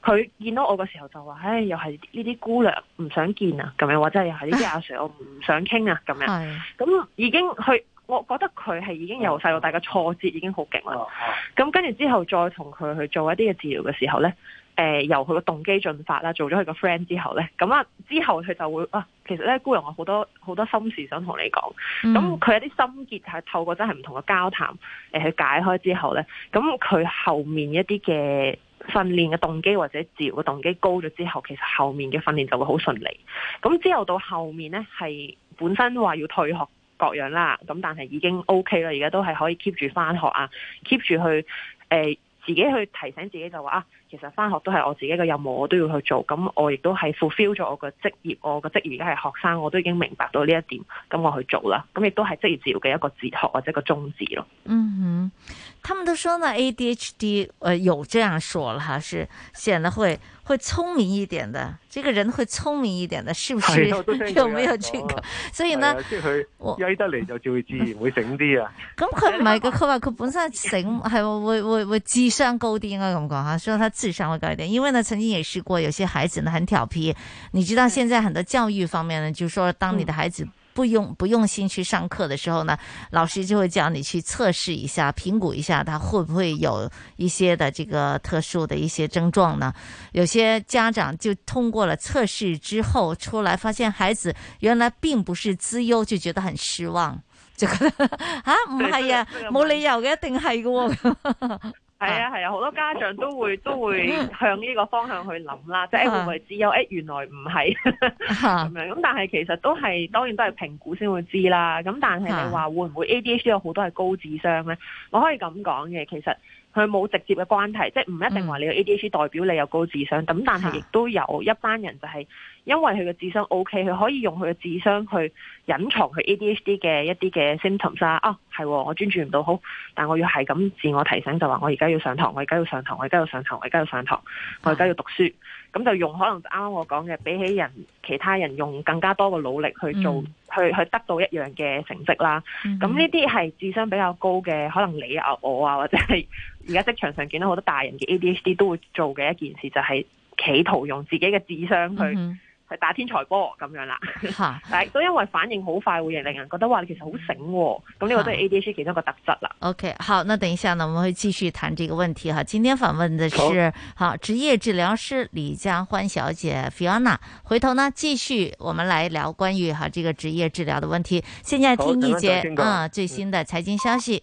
佢見到我嘅時候就話：唉，又係呢啲姑娘唔想見啊，咁樣或者又係呢啲阿 Sir 我唔想傾啊，咁樣。係。咁已經佢，我覺得佢係已經由細到大嘅挫折，已經好勁啦。哦。咁跟住之後再同佢去做一啲嘅治療嘅時候咧。誒、呃，由佢個動機進發啦，做咗佢個 friend 之後咧，咁啊之後佢就會啊，其實咧，姑娘我好多好多心事想同你講，咁佢有啲心結係透過真係唔同嘅交談，誒、呃、去解開之後咧，咁佢後面一啲嘅訓練嘅動機或者治療嘅動機高咗之後，其實後面嘅訓練就會好順利，咁之後到後面咧係本身話要退學各樣啦，咁但係已經 OK 啦，而家都係可以 keep 住返學啊，keep 住去誒。呃自己去提醒自己就話啊，其實翻學都係我自己嘅任務，我都要去做。咁我亦都係 fulfill 咗我嘅職業，我嘅職業而家係學生，我都已經明白到呢一點。咁我去做啦。咁亦都係職業治療嘅一個哲學或者個宗旨咯。嗯他們都說呢，ADHD，呃，有這樣說了哈，是顯得會會聰明一點的，這個人會聰明一點的，是不是、 啊、有沒有聽、這、過、個？哦、所以呢，哦，曳得嚟就就會自然會醒啲啊。咁佢唔係噶，佢話佢本身醒係會會會智商高啲應該咁講哈，所以說他智商會高一點，因為呢曾經也試過有些孩子呢很調皮，你知道現在很多教育方面呢就是、說當你的孩子、嗯。不用不用心去上課的時候呢，老師就會叫你去測試一下，評估一下他會不會有一些的這個特殊的一些症狀呢？有些家長就通過了測試之後出來，發現孩子原來並不是資優，就覺得很失望，這個 啊，唔係啊，冇理由嘅，一定係噶。 係啊，係啊，好多家長都會都會向呢個方向去諗啦，即係會唔會知？有？誒原來唔係咁樣。咁但係其實都係當然都係評估先會知啦。咁但係你話會唔會 ADHD 有好多係高智商咧？我可以咁講嘅，其實。佢冇直接嘅關係，即係唔一定話你有 ADHD 代表你有高智商。咁、嗯、但係亦都有一班人就係因為佢嘅智商 OK，佢可以用佢嘅智商去隱藏佢 ADHD 嘅一啲嘅 symptoms 啊。啊，係、哦、我專注唔到好，但我要係咁自我提醒就話我而家要上堂，我而家要上堂，我而家要上堂，我而家要上堂，我而家要，要，要讀書。咁、嗯、就用可能啱啱我講嘅，比起人其他人用更加多嘅努力去做，嗯、去去得到一樣嘅成績啦。咁呢啲係智商比較高嘅，可能你啊我啊或者係。而家職場上見到好多大人嘅 ADHD 都會做嘅一件事，就係企圖用自己嘅智商去去打天才波咁、mm hmm. 樣啦。但係 都因為反應好快，會令人覺得話你其實好醒，哦，咁呢個都係 ADHD 其中一個特質啦。OK，好，那等一下呢，我們會繼續談這個問題哈。今天訪問的是好，好職業治療師李家歡小姐 Fiona，回頭呢繼續我們來聊關於哈這個職業治療的問題。現在聽一節啊、嗯、最新的財經消息。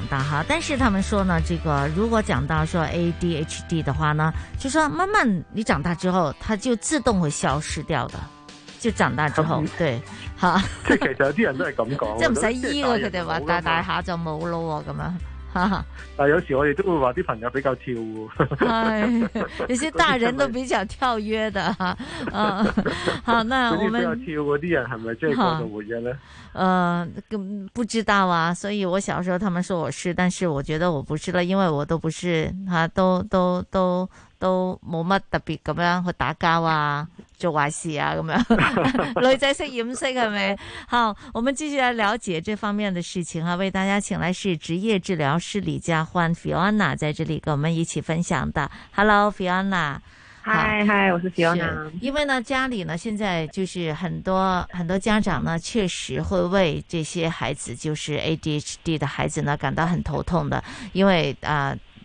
但是他們說呢，這個如果講到說 ADHD 的話呢，就說慢慢你長大之後，它就自動會消失掉的，就長大之後，對，哈、嗯。即係 其實有啲人都係咁講，即係唔使醫個，佢哋話大大下就冇咯咁樣。但係有時我哋都會話啲朋友比較跳，有些大人都比較跳躍的哈、啊，啊，好，那我們嗰啲比較跳嗰啲人係咪真係活躍嘅咧？誒，唔、呃、不知道啊，所以我小時候他們說我是，但是我覺得我不是啦，因為我都唔係哈、啊，都都都。都都冇乜特別咁樣去打交啊，做壞事啊咁樣。女仔識掩飾係咪？好，我們繼續來了解這方面的事情啊。為大家請來是職業治療師李家歡 （Fiona） 在這裏跟我們一起分享的。Hello，Fiona。嗨嗨，Hi, hi, 好，我是 Fiona。因為呢，家裏呢，現在就是很多很多家長呢，確實會為這些孩子，就是 ADHD 的孩子呢，感到很頭痛的，因為啊。呃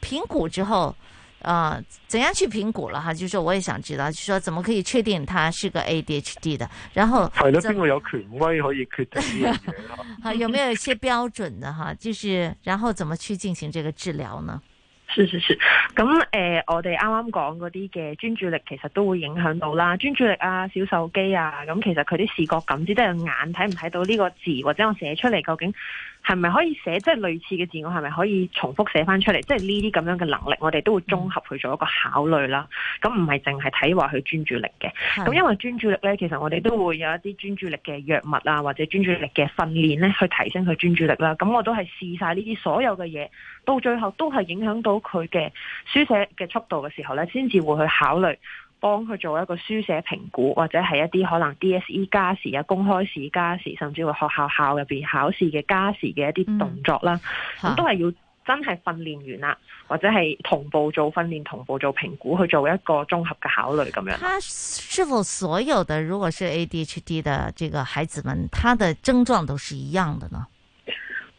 評估之後，啊、呃，怎樣去評估啦？就是、說我也想知道，就是、說怎麼可以確定他是個 A D H D 的？然後係啦，邊個有權威可以決定呢樣嘢？好， 有沒有一些標準的哈？就是然後怎麼去進行這個治療呢？是是是，咁誒、呃，我哋啱啱講嗰啲嘅專注力其實都會影響到啦，專注力啊，小手肌啊，咁其實佢啲視覺感知，都係眼睇唔睇到呢個字或者我寫出嚟究竟。係咪可以寫即係類似嘅字？我係咪可以重複寫翻出嚟？即係呢啲咁樣嘅能力，我哋都會綜合去做一個考慮啦。咁唔係淨係睇話佢專注力嘅。咁因為專注力呢，其實我哋都會有一啲專注力嘅藥物啊，或者專注力嘅訓練呢，去提升佢專注力啦。咁我都係試晒呢啲所有嘅嘢，到最後都係影響到佢嘅書寫嘅速度嘅時候呢，先至會去考慮。幫佢做一個書寫評估，或者係一啲可能 DSE 加時啊、公開試加時，甚至乎學校校入邊考試嘅加時嘅一啲動作啦，嗯、都係要真係訓練完啦，啊、或者係同步做訓練、同步做評估，去做一個綜合嘅考慮咁樣。他是否所有的如果是 ADHD 的這個孩子們，他的症狀都是一樣的呢？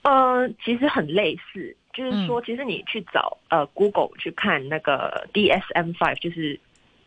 嗯、呃，其實很類似，就是說，嗯、其實你去找，誒、呃、，Google 去看那個 DSM 五，就是。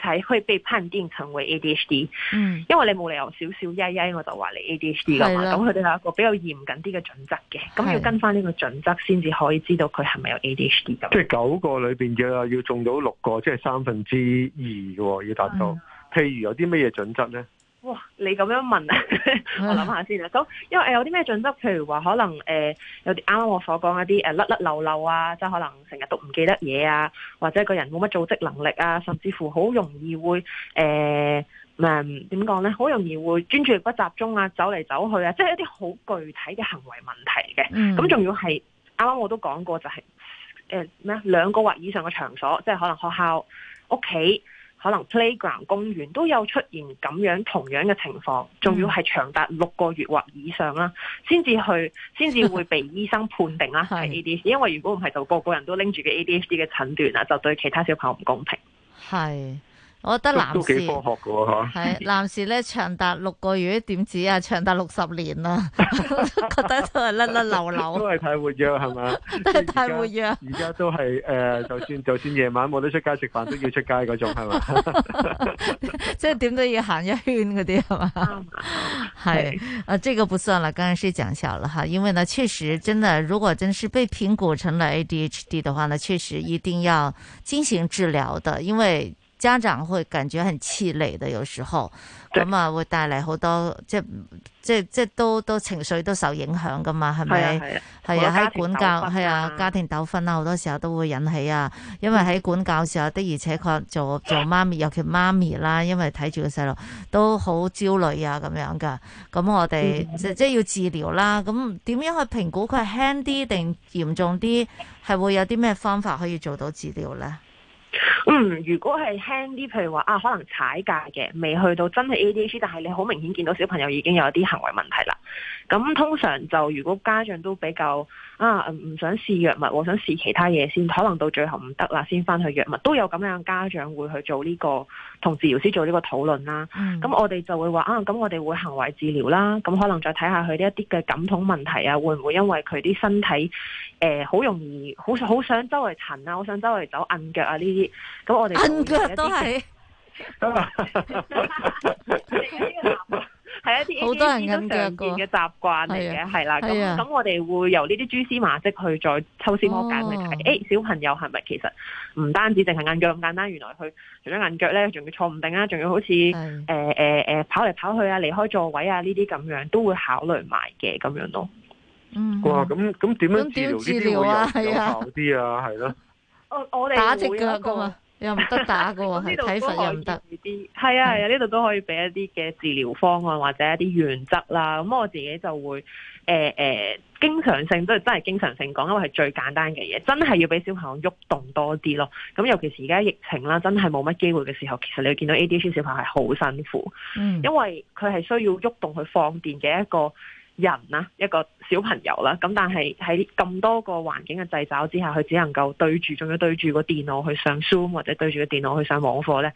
睇可以被判定成為 ADHD，嗯，因為你冇理由少少曳曳，我就話你 ADHD 噶嘛，咁佢哋有一個比較嚴謹啲嘅準則嘅，咁 radio 的要跟翻呢個準則先至可以知道佢係咪有 ADHD 噶。即係九個裏邊嘅要中到六個，即係三分之二嘅要達到。的譬如有啲乜嘢準則咧？哇！你咁樣問啊，我諗下先啦。咁因為誒有啲咩準則，譬如話可能誒、呃、有啲啱啱我所講一啲誒甩甩漏漏啊，即係可能成日都唔記得嘢啊，或者個人冇乜組織能力啊，甚至乎好容易會誒咩點講咧？好、呃嗯、容易會專注力不集中啊，走嚟走去啊，即係一啲好具體嘅行為問題嘅。咁仲要係啱啱我都講過，就係誒咩啊，兩、呃、個或以上嘅場所，即係可能學校、屋企。可能 Playground 公園都有出現咁樣同樣嘅情況，仲要係長達六個月或以上啦，先至去，先至會被醫生判定啦係 ADHD，因為如果唔係，就個個人都拎住嘅 ADHD 嘅診斷啦，就對其他小朋友唔公平。係。我覺得男士都幾科學噶喎，吓係是 男士咧，長達六個月點止啊，長達六十年啦，都 覺得都係甩甩流流。都係太活躍係嘛？ 都係太活躍。而家都係誒、呃，就算就算夜晚冇得出街食飯， 都要出街嗰種係嘛？是 即係點都要行一圈嗰啲係嘛？係啊，這個不算了，剛剛是講笑了哈，因為呢，確實真的，如果真是被評估成了 ADHD 的話呢，確實一定要進行治療的，因為。家長會感覺很刺利的，有時候咁啊，會帶來好多即係即係即係都都情緒都受影響噶嘛，係咪？係啊，是啊，喺管教係啊，家庭糾紛啊，好多時候都會引起啊。因為喺管教時候，的而且確做做，做媽咪，尤其媽咪啦，因為睇住個細路都好焦慮啊，咁樣噶。咁我哋、嗯、即係要治療啦。咁點樣去評估佢輕啲定嚴重啲？係會有啲咩方法可以做到治療咧？嗯，如果係輕啲，譬如話啊，可能踩架嘅，未去到真係 ADHD，但係你好明顯見到小朋友已經有啲行為問題啦。咁通常就如果家長都比較。啊，唔想試藥物，我想試其他嘢先，可能到最後唔得啦，先翻去藥物都有咁樣，家長會去做呢、呢個同治療師做呢個討論啦。咁、嗯、我哋就會話啊，咁我哋會行為治療啦，咁可能再睇下佢呢一啲嘅感統問題啊，會唔會因為佢啲身體誒好、呃、容易好想好想周圍塵啊，好想周圍走按腳啊呢啲，咁我哋按腳都係。係一啲好多人都常見嘅習慣嚟嘅，係啦。咁咁，我哋會由呢啲蛛絲馬跡去再抽絲剝繭嚟睇。誒，小朋友係咪其實唔單止淨係硬腳咁簡單？原來佢除咗硬腳咧，仲要坐唔定啊，仲要好似誒誒誒跑嚟跑去啊，離開座位啊呢啲咁樣都會考慮埋嘅咁樣咯。哇！咁咁點樣治療呢啲啊？係啊，好啲啊，係咯。我我哋打隻腳又唔得打噶？我呢度都可以啲，係啊係啊，呢度都可以俾 一啲嘅治療方案的或者一啲原則啦。咁我自己就會，誒、欸、誒、欸，經常性都真係經常性講，因為係最簡單嘅嘢，真係要俾小朋友喐動多啲咯。咁尤其是而家疫情啦，真係冇乜機會嘅時候，其實你會見到 ADHD 小朋友係好辛苦，嗯、因為佢係需要喐動去放電嘅一個。人啦，一個小朋友啦，咁但係喺咁多個環境嘅掣肘之下，佢只能夠對住，仲要對住個電腦去上 Zoom 或者對住個電腦去上網課呢，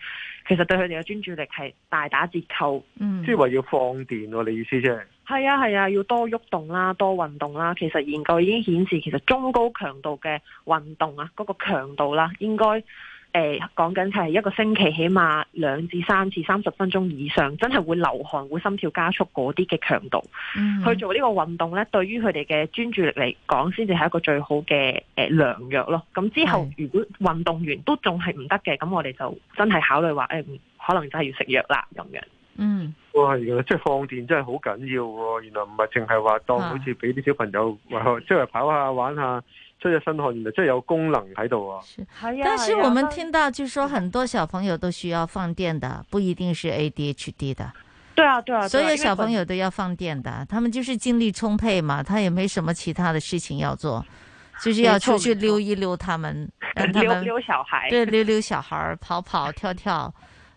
其實對佢哋嘅專注力係大打折扣。嗯，即係話要放電喎、啊，你意思即係？係啊係啊，要多喐動啦、啊，多運動啦、啊。其實研究已經顯示，其實中高強度嘅運動啊，嗰、那個強度啦、啊，應該。誒，講緊係一個星期起碼兩至三次，三十分鐘以上，真係會流汗、會心跳加速嗰啲嘅強度，mm hmm. 去做呢個運動呢，對於佢哋嘅專注力嚟講，先至係一個最好嘅、呃、良藥咯。咁之後如果運動完都仲係唔得嘅，咁、mm hmm. 我哋就真係考慮話，誒、呃，可能真係要食藥啦，咁樣。嗯，哇，原來即係放電真係好緊要喎、哦。原來唔係淨係話當好似俾啲小朋友周圍，即跑下玩下。即係新概念，即係有功能喺度啊！係啊。但是我們聽到就係說，很多小朋友都需要放電的，不一定是 ADHD 的。對啊，對啊，所有小朋友都要放電的。他們就是精力充沛嘛，他也沒什麼其他的事情要做，就是要出去溜一溜，他們，他們溜溜小孩，對，溜溜小孩，跑跑跳跳，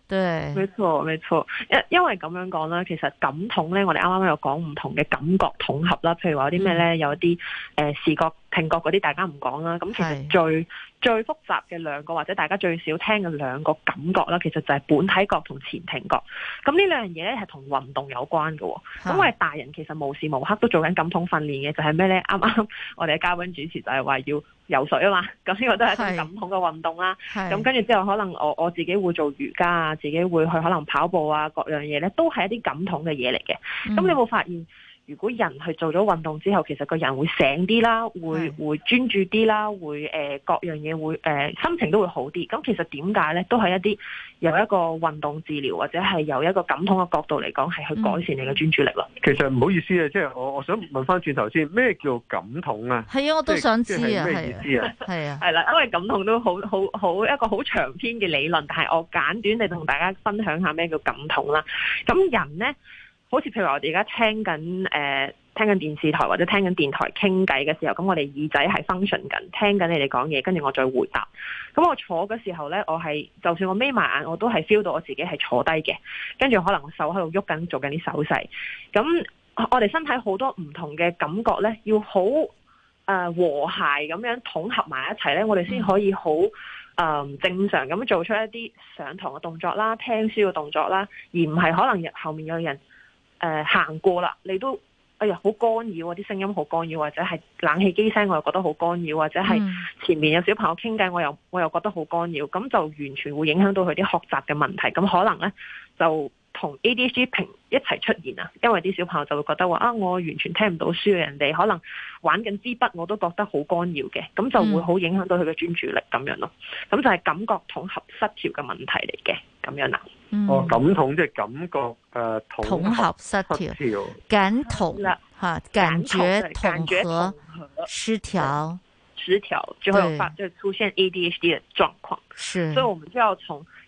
對。沒錯，沒錯。因為因為咁樣講咧，其實感統呢，我哋啱啱有講唔同嘅感覺統合啦。譬如話啲咩呢？嗯、有啲誒、呃、視覺。聽覺嗰啲大家唔講啦，咁其實最是最複雜嘅兩個或者大家最少聽嘅兩個感覺啦，其實就係本體覺同前庭覺。咁呢兩樣嘢咧係同運動有關嘅，咁我哋大人其實無時無刻都做緊感統訓練嘅，就係咩咧？啱啱我哋嘅嘉賓主持就係話要游水啊嘛，咁呢個都係一種感統嘅運動啦。咁跟住之後，可能我我自己會做瑜伽啊，自己會去可能跑步啊，各樣嘢咧都係一啲感統嘅嘢嚟嘅。咁你有冇發現？如果人去做咗運動之後，其實個人會醒啲啦，會會專注啲啦，會誒、呃、各樣嘢會誒、呃、心情都會好啲。咁其實點解咧，都係一啲由一個運動治療或者係由一個感統嘅角度嚟講，係去改善你嘅專注力啦。嗯、其實唔好意思啊，即、就、係、是、我我想問翻轉頭先，咩叫感統啊？係啊，我都想知啊，咩意思啊，係啊，係啦、啊啊 啊，因為感統都好好好一個好長篇嘅理論，但係我簡短地同大家分享下咩叫感統啦、啊。咁人咧。好似譬如我哋而家聽緊誒、呃、聽緊電視台或者聽緊電台傾偈嘅時候，咁我哋耳仔係 function 緊，聽緊你哋講嘢，跟住我再回答。咁我坐嘅時候呢，我係就算我眯埋眼，我都係 feel 到我自己係坐低嘅。跟住可能我手喺度喐緊，做緊啲手勢。咁我哋身體好多唔同嘅感覺呢，要好誒、呃、和諧咁樣統合埋一齊呢，我哋先可以好誒、呃、正常咁做出一啲上堂嘅動作啦、聽書嘅動作啦，而唔係可能人後面有人。誒，行、呃、過啦，你都哎呀，好干擾啊！啲聲音好干擾，或者係冷氣機聲，我又覺得好干擾，或者係前面有小朋友傾偈，我又我又覺得好干擾，咁就完全會影響到佢啲學習嘅問題，咁可能呢就。同 ADHD 平一齊出現啊，因為啲小朋友就會覺得話啊，我完全聽唔到書，人哋可能玩緊支筆，我都覺得好干擾嘅，咁就會好影響到佢嘅專注力咁、嗯、樣咯。咁就係感覺統合失調嘅問題嚟嘅，咁樣啊。嗯、哦，感統即係感覺誒、啊、統合失調，感統嚇感覺統合失調，啊、失調之後就出現 ADHD 嘅狀況，是所以我們就要從。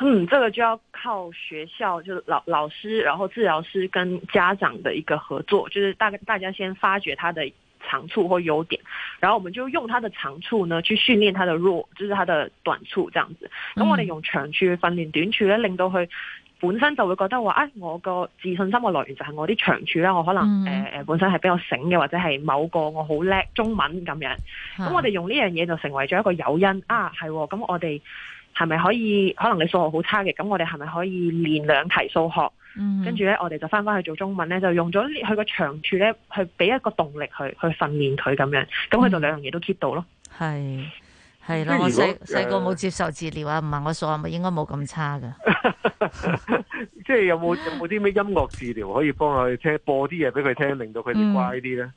嗯，這個就要靠學校，就是老老師，然後治療師跟家長的一個合作，就是大概大家先發掘他的長處或優點，然後我們就用他的長處呢去訓練他的弱，就是他的短處這樣子。咁我哋用長處去訓練短處呢，令到佢本身就會覺得話啊、哎，我個自信心嘅來源就係我啲長處啦。我可能誒誒、嗯呃，本身係比較醒嘅，或者係某個我好叻中文咁樣。咁我哋用呢樣嘢就成為咗一個誘因啊，係、哦。咁我哋。係咪可以？可能你數學好差嘅，咁我哋係咪可以練兩題數學？跟住、嗯、哼呢，我哋就翻翻去做中文呢，就用咗佢個長處呢，去俾一個動力去去訓練佢咁樣，咁佢就兩樣嘢都 keep 到咯。係係咯，果我細細個冇接受治療啊，唔係我數學咪應該冇咁差噶？ 即係有冇有冇啲咩音樂治療可以幫佢聽、嗯、播啲嘢俾佢聽，令到佢哋乖啲呢？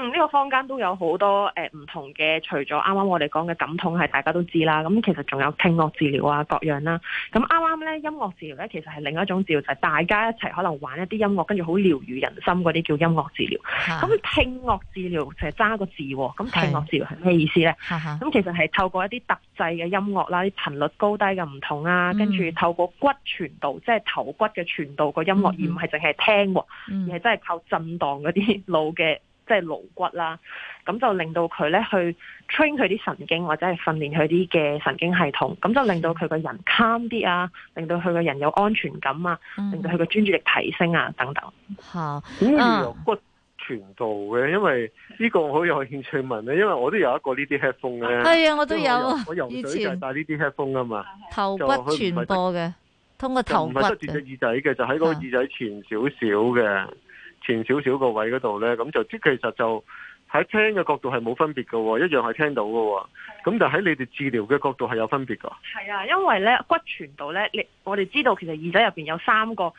嗯，呢、這個坊間都有好多誒唔、呃、同嘅，除咗啱啱我哋講嘅感統係大家都知啦，咁其實仲有聽樂治療啊各樣啦。咁啱啱咧音樂治療咧，其實係、啊啊嗯、另一種治療，就係、是、大家一齊可能玩一啲音樂，跟住好療愈人心嗰啲叫音樂治療。咁是、嗯、聽樂治療就係揸個字喎，咁、嗯、是聽樂治療係咩意思咧？咁其實係透過一啲特製嘅音樂啦，啲頻率高低嘅唔同啊，跟住透過骨傳導，即係頭骨嘅傳導個音樂，嗯、而唔係淨係聽，嗯、而係真係靠震盪嗰啲腦嘅。即係顱骨啦，咁就令到佢咧去 train 佢啲神經或者係訓練佢啲嘅神經系統，咁就令到佢個人 calm 啲啊，令到佢個人有安全感啊，令到佢嘅專注力提升啊，等等。吓、嗯嗯、由骨傳導嘅，因為呢個好有興趣的問咧，因為我都有一個呢啲 headphone 咧。係啊、哎，我都有。我游水就戴呢啲 headphone 啊嘛。頭骨傳播嘅，通過頭骨。唔係得住隻耳仔嘅，啊、就喺個耳仔前少少嘅。前少少個位嗰度呢，咁就即其實就喺聽嘅角度係冇分別嘅，一樣係聽到嘅。咁就喺你哋治療嘅角度係有分別㗎。係啊，因為呢骨傳導呢，你我哋知道其實耳仔入邊有三個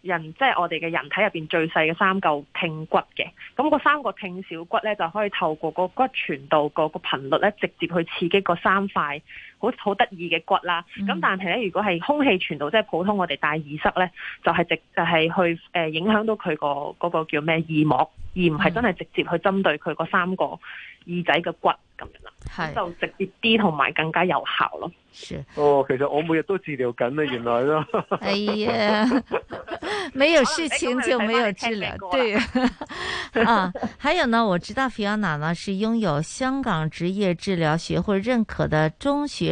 人，即係我哋嘅人體入邊最細嘅三嚿聽骨嘅。咁個三個聽小骨呢，就可以透過個骨傳導個個頻率呢，直接去刺激個三塊。好好得意嘅骨啦，咁但係咧，如果係空氣傳導，即係普通我哋戴耳塞咧，就係、是、直就係去誒影響到佢個嗰個叫咩耳膜，而唔係真係直接去針對佢嗰三個耳仔嘅骨咁、嗯、樣啦，就直接啲同埋更加有效咯。是哦，其實我每日都治療緊啊，原來啦。 哎呀，沒有事情就沒有治療過 啊。還有呢，我知道菲亞娜呢是擁有香港職業治療學會認可的中學。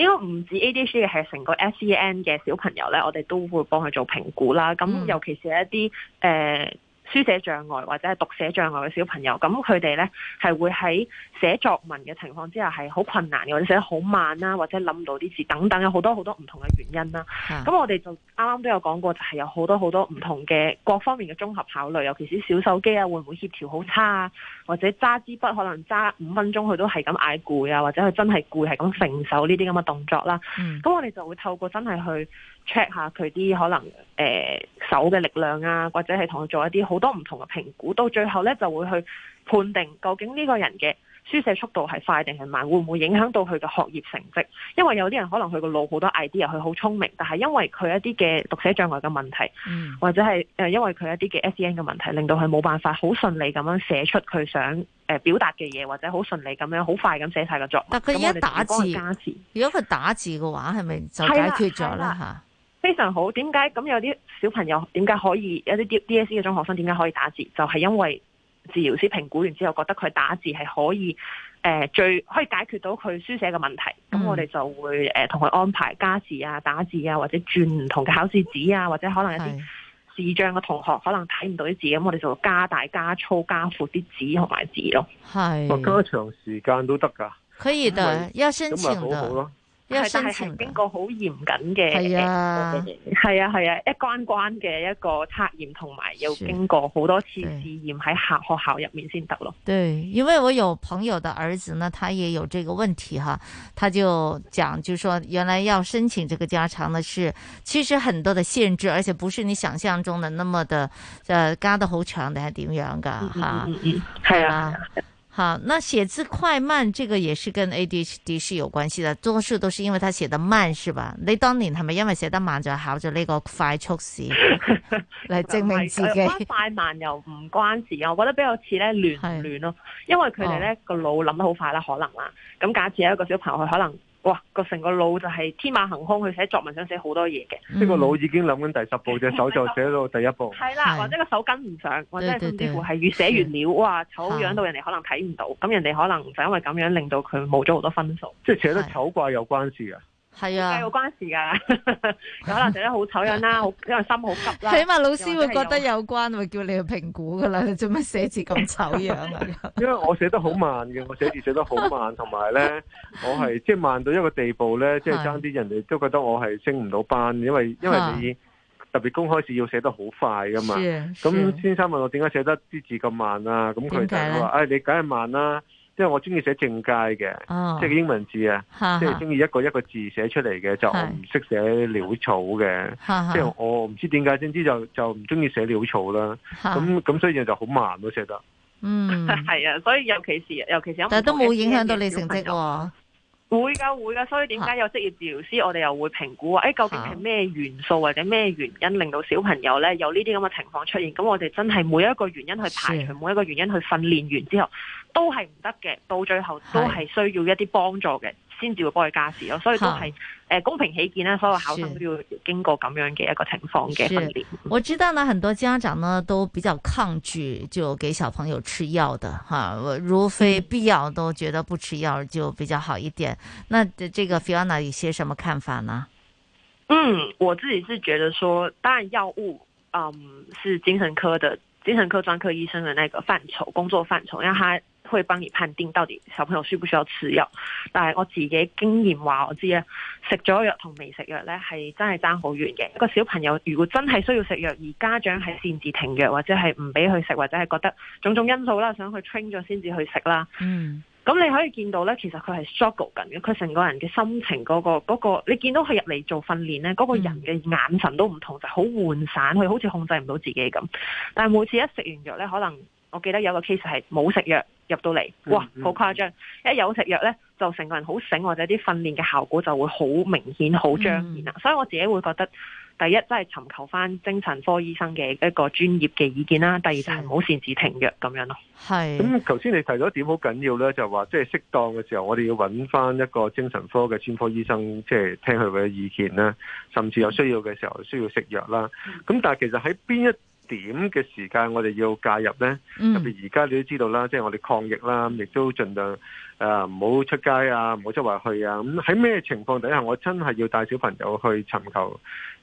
呢個唔止 ADHD 嘅，係成個 S. E. N. 嘅小朋友咧，我哋都會幫佢做評估啦。咁尤其是係一啲誒。呃書寫障礙，或者係讀寫障礙嘅小朋友，咁佢哋呢係會喺寫作文嘅情況之下係好困難嘅，或者寫得好慢啦，或者諗到啲字等等，有好多好多唔同嘅原因啦。咁、啊、我哋就啱啱都有講過，就係有好多好多唔同嘅各方面嘅綜合考慮，尤其是小手機啊，會唔會協調好差啊？或者揸支筆可能揸五分鐘佢都係咁嗌攰啊？或者佢真係攰，係咁承受呢啲咁嘅動作啦。咁、嗯、我哋就會透過真係去。check 下佢啲可能誒、呃、手嘅力量啊，或者係同佢做一啲好多唔同嘅評估，到最後咧就會去判定究竟呢個人嘅書寫速度係快定係慢，會唔會影響到佢嘅學業成績。因為有啲人可能佢個腦好多 idea，佢好聰明，但係因為佢一啲嘅讀寫障礙嘅問題，嗯、或者係誒因為佢一啲嘅 SEN 嘅問題，令到佢冇辦法好順利咁樣寫出佢想誒表達嘅嘢，或者好順利咁樣好快咁寫晒個作文。但係佢一打字，字如果佢打字嘅話，係咪就解決咗啦？嚇、啊？非常好，點解咁，有啲小朋友點解可以，有啲 D D S C 嘅中學生點解可以打字？就係、是、因為治療師評估完之後，覺得佢打字係可以誒、呃，最可以解決到佢書寫嘅問題。咁、嗯、我哋就會誒同佢安排加字啊、打字啊，或者轉唔同嘅考試紙啊，或者可能一啲視障嘅同學可能睇唔到啲字，咁是我哋就加大、加粗、加闊啲紙同埋字咯。係、呃，加長時間都得噶。可以的，要申請係申請經過好嚴謹嘅，係啊，係、哎、啊，係啊，一關關嘅一個測驗，同埋又經過好多次試驗喺校學校入面先得咯。對，因為我有朋友的兒子呢，他也有這個問題哈，他就講，就是、說原來要申請這個加長呢，是其實很多的限制，而且不是你想象中的那麼的，呃，加得好長的，還係點樣噶、嗯？嗯嗯，係啊。嗯好，那寫字快慢，這個也是跟 ADHD 是有關係的，多數都是因為他寫得慢，是吧？你當年係咪因為寫得慢，就考咗呢個快速試嚟 證明自己。 那不哎，快慢又唔關事，我覺得比較似咧，亂亂咯，亂亂哦，是因為佢哋咧，個腦諗得好快啦，可能啦。咁假設有一個小朋友，佢可能。哇！個成個腦就係天馬行空去寫作文想寫，想寫好多嘢嘅。即個腦已經諗緊第十步，只、嗯、手就寫到第一步。係啦，對對對，或者個手跟唔上，或者甚至乎係越寫越潦，對對對，哇！醜樣到人哋可能睇唔到，咁是人哋可能就因為咁樣令到佢冇咗好多分數。即係寫得醜怪有關事嘅、啊。係啊，計個關事噶、啊， 有可能寫得好醜樣啦、啊， 因為心好急啦、啊。起碼老師會覺得有關，會叫你去評估噶啦。 你做乜寫字咁醜樣啊？ 因為我寫得好慢嘅，我寫字寫得好慢，同埋咧，我係即係慢到一個地步咧，即係爭啲人哋都覺得我係升唔到班，因為因為你特別公開試要寫得好快噶嘛。咁 先生問我點解寫得啲字咁慢啊？咁佢就話，唉、哎，你梗係慢啦、啊。因為我中意寫正楷嘅，哦、即係英文字啊，即係中意一個一個字寫出嚟嘅，就我唔識寫潦草嘅，即係我唔知點解先知就就唔中意寫潦草啦。咁咁所以就好慢咯，寫得。嗯，係啊，所以尤其是尤其是，但係都冇影響到你成績喎、哦。會㗎會㗎，所以點解有職業治療師？我哋又會評估啊。誒，究竟係咩元素或者咩原因令到小朋友呢，有呢啲咁嘅情況出現？咁我哋真係每一個原因去排除，的每一個原因去訓練完之後，都係唔得嘅。到最後都係需要一啲幫助嘅。先至會幫佢加時咯，所以都係誒好、呃、公平起見啦，所有考生都要經過咁樣嘅一個情況嘅訓練。我知道呢，很多家長呢都比較抗拒就給小朋友吃藥的哈，如非必要都覺得不吃藥就比較好一點。嗯、那這個 Fiona 有些什麼看法呢？嗯，我自己是覺得說，當然藥物，嗯，是精神科的精神科專科醫生的那個範疇，工作範疇，因為他。去幫你判斷到底小朋友需唔需要食藥，但係我自己經驗話，我知啊，食咗藥同未食藥咧，係真係爭好遠嘅。個小朋友如果真係需要食藥，而家長係擅自停藥或者係唔俾佢食，或者係覺得種種因素啦，想 tra 去 train 咗先至去食啦。嗯、mm，咁、hmm. 你可以見到咧，其實佢係 struggle 緊嘅，佢成個人嘅心情嗰、嗰個、嗰個、你見到佢入嚟做訓練咧，嗰、嗰個人嘅眼神都唔同，mm hmm. 就好渙散，佢好似控制唔到自己咁。但係每次一食完藥咧，可能。我記得有個 case 係冇食藥入到嚟，哇，好誇張！一有食藥呢，就成個人好醒，或者啲訓練嘅效果就會好明顯、好彰顯啦。嗯、所以我自己會覺得，第一，真係尋求翻精神科醫生嘅一個專業嘅意見啦，第二就係唔好擅自停藥咁樣咯。係是。咁頭先你提咗點好緊要呢，就話、是、即係適當嘅時候，我哋要揾翻一個精神科嘅專科醫生，即、就、係、是、聽佢嘅意見啦。甚至有需要嘅時候需要食藥啦。咁、嗯、但係其實喺邊一？點嘅、嗯、時間我哋要介入呢？特別而家你都知道啦，即、就、係、是、我哋抗疫啦，亦都盡量啊唔好出街啊，唔好出外去啊。咁喺咩情況底下，我真係要帶小朋友去尋求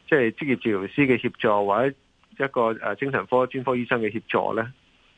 即係、就是、職業治療師嘅協助，或者一個誒精神科專科醫生嘅協助呢？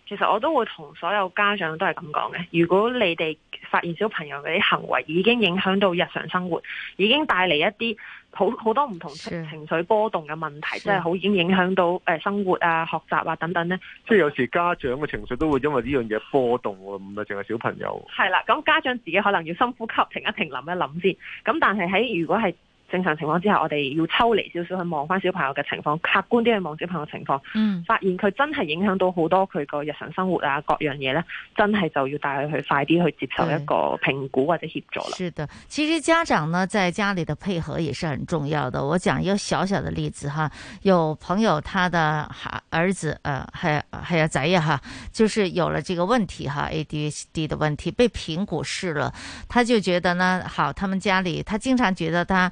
其實我都會同所有家長都係咁講嘅。如果你哋發現小朋友嗰啲行為已經影響到日常生活，已經帶嚟一啲好好多唔同情緒波動嘅問題，即係好已經影響到誒生活啊、學習啊等等呢。即係有時家長嘅情緒都會因為呢樣嘢波動，唔係淨係小朋友。係啦，咁家長自己可能要深呼吸，停一停，一停，一停，諗一諗先。咁但係喺如果係。正常情況之下，我哋要抽離少少去望翻小朋友嘅情況，客觀啲去望小朋友嘅情況，發現佢真係影響到好多佢個日常生活啊，各樣嘢咧，真係就要帶佢去快啲去接受一個評估或者協助啦。是的，其實家長呢在家裏的配合也是很重要的。我講一個小小的例子哈，有朋友他的孩兒子，呃，係呀係呀仔呀哈，就是有了這個問題哈，ADHD 的問題被評估試了，他就覺得呢，好，他們家裏他經常覺得他。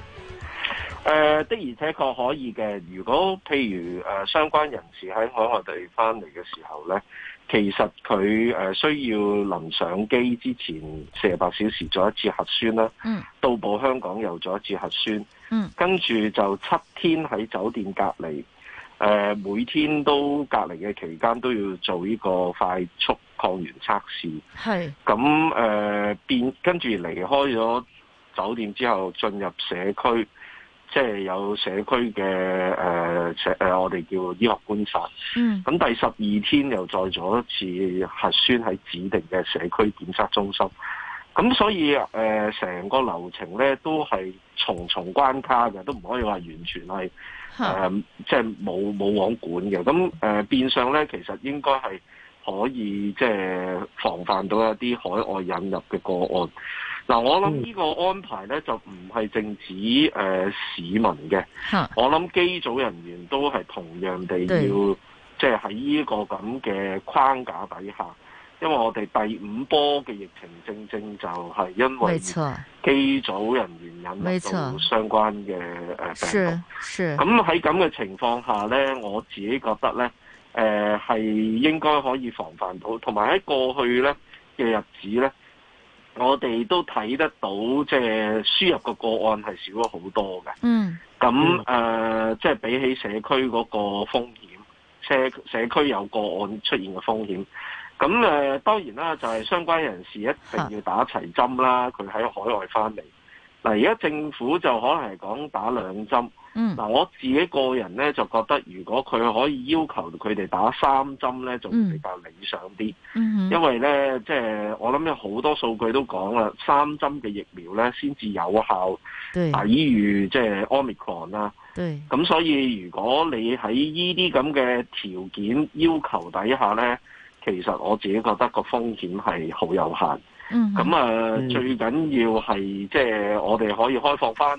誒、呃，的而且確可以嘅。如果譬如誒、呃，相關人士喺海外地翻嚟嘅時候咧，其實佢誒、呃、需要臨上機之前四十八小時做一次核酸啦。嗯。到埗香港又做一次核酸。嗯。跟住就七天喺酒店隔離，誒、呃，每天都隔離嘅期間都要做呢個快速抗原測試。係是。咁誒變，跟住離開咗酒店之後，進入社區。即係有社區嘅誒、呃、社、呃、我哋叫醫學觀察。嗯，咁第十二天又再做一次核酸喺指定嘅社區檢測中心。咁所以誒，成、呃、個流程咧都係重重關卡嘅，都唔可以話完全係誒、呃，即係冇冇王管嘅。咁誒、呃、變相咧，其實應該係可以即係防範到一啲海外引入嘅個案。嗱，嗯、我諗呢個安排呢就唔係淨止誒市民嘅，哈我諗機組人員都係同樣地要，即係喺呢個咁嘅框架底下，因為我哋第五波嘅疫情正正就係因為機組人員引入到相關嘅誒病毒，咁喺咁嘅情況下呢，我自己覺得呢，誒係、呃、應該可以防範到，同埋喺過去呢嘅日子呢。我哋都睇得到，即係輸入嘅個案係少咗好多嘅。嗯，咁誒，即係比起社區嗰個風險，社社區有個案出現嘅風險，咁誒、呃，當然啦，就係、是、相關人士一定要打齊針啦。佢喺海外翻嚟。嗱，而家政府就可能係講打兩針。嗯，嗱，我自己個人咧就覺得，如果佢可以要求佢哋打三針咧，就比較理想啲。嗯，嗯，因為咧，即係我諗有好多數據都講啦，三針嘅疫苗咧先至有效抵禦即係 Omicron 啦。對，咁，對，所以如果你喺呢啲咁嘅條件要求底下咧，其實我自己覺得個風險係好有限。咁啊，mm hmm. 最緊要係即係我哋可以開放返，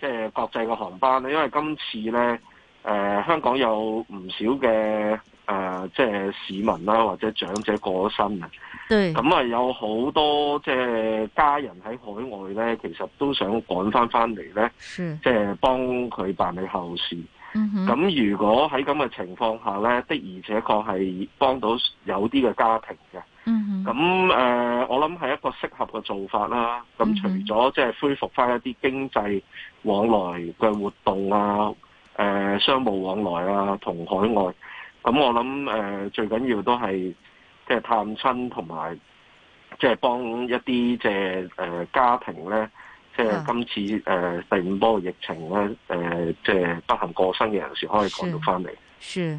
即、就、係、是、國際嘅航班咧，因為今次咧，誒、呃、香港有唔少嘅誒，即、呃、係、就是、市民啦、啊，或者長者過咗身對啊，咁啊有好多即係、就是、家人喺海外咧，其實都想趕返返嚟咧，即係是幫佢辦理後事。咁、mm hmm. 如果喺咁嘅情況下咧，的而且確係幫到有啲嘅家庭嘅。嗯，咁誒、呃，我諗係一個適合嘅做法啦。咁除咗即係恢復翻一啲經濟往來嘅活動啊，誒、呃，商務往來啊，同海外。咁我諗誒、呃，最緊要都係即係探親同埋，即係幫一啲即係誒家庭咧，即係今次誒、呃、第五波疫情咧，誒即係不幸過身嘅人士可以趕到翻嚟。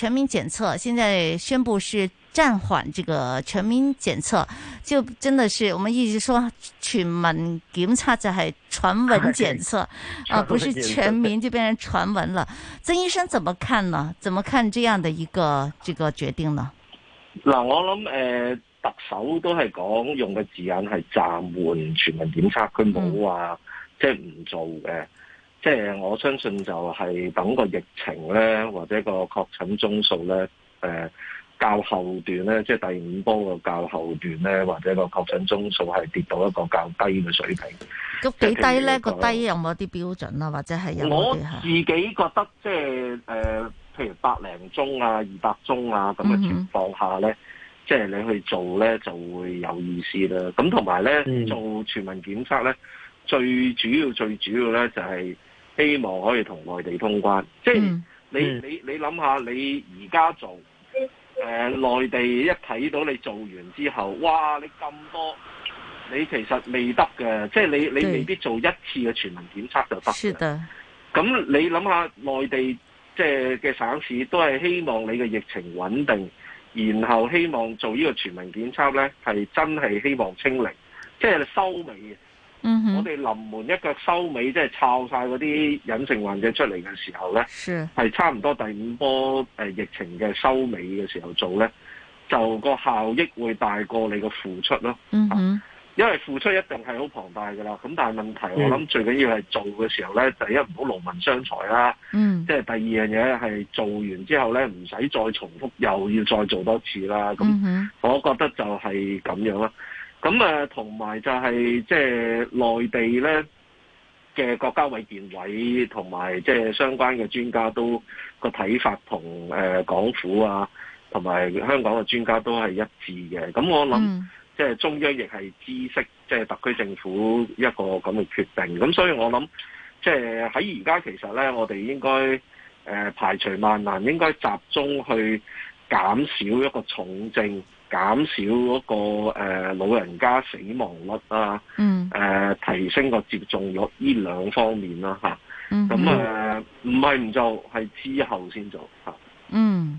全民檢測現在宣布是暫緩這個全民檢測，就真的是我們一直說全民檢測就係傳聞檢測、哎、啊，全民 不是全民就變成傳聞了。 曾醫生怎麼看呢？怎麼看這樣的一個這個決定呢？嗱、呃，我諗誒、呃，特首都係講用嘅字眼係暫緩全民檢測，佢冇話即係唔做嘅。嗯即係我相信就係等個疫情咧，或者個確診宗數咧，誒、呃、較後段咧，即係第五波個較後段咧，或者個確診宗數係跌到一個較低嘅水平。咁幾低咧？個低有冇一啲標準啊？或者係有，有冇一啲？我自己覺得即係誒，譬如百零宗啊、二百宗啊咁嘅情況下咧，嗯、哼即係你去做咧就會有意思啦。咁同埋咧做全民檢測咧，最主要最主要咧就係、是。希望可以同內地通關，即係你、嗯、你你諗下，你而家做內、嗯呃、地一睇到你做完之後，哇！你咁多，你其實未得嘅，對即係你你未必做一次嘅全民檢測就得嘅。咁的你諗下內地即係嘅省市都係希望你嘅疫情穩定，然後希望做呢個全民檢測咧，係真係希望清零，即係收尾。Mm hmm. 我哋臨門一腳收尾，即係抄晒嗰啲隱性患者出嚟嘅時候呢，係是差唔多第五波疫情嘅收尾嘅時候做呢，就個效益會大過你個付出咯。Mm hmm. 因為付出一定係好龐大噶啦。咁但係問題，我諗最緊要係做嘅時候呢，mm hmm. 第一唔好勞民傷財啦。即係、mm hmm. 第二樣嘢係做完之後呢，唔使再重複，又要再做多次啦。咁，我覺得就係咁樣咯。咁啊，同埋就係即係內地咧嘅國家衛健委同埋即係相關嘅專家都個睇法，同誒港府啊，同埋香港嘅專家都係一致嘅。咁我諗即係中央亦係知悉即係特區政府一個咁嘅決定。咁所以我諗即係喺而家其實咧，我哋應該誒排除萬難，應該集中去減少一個重症。減少嗰個，呃、老人家死亡率啊，mm. 呃、提升個接種率呢兩方面啦，啊、吓，咁誒唔係唔做，係之後先做，啊 mm.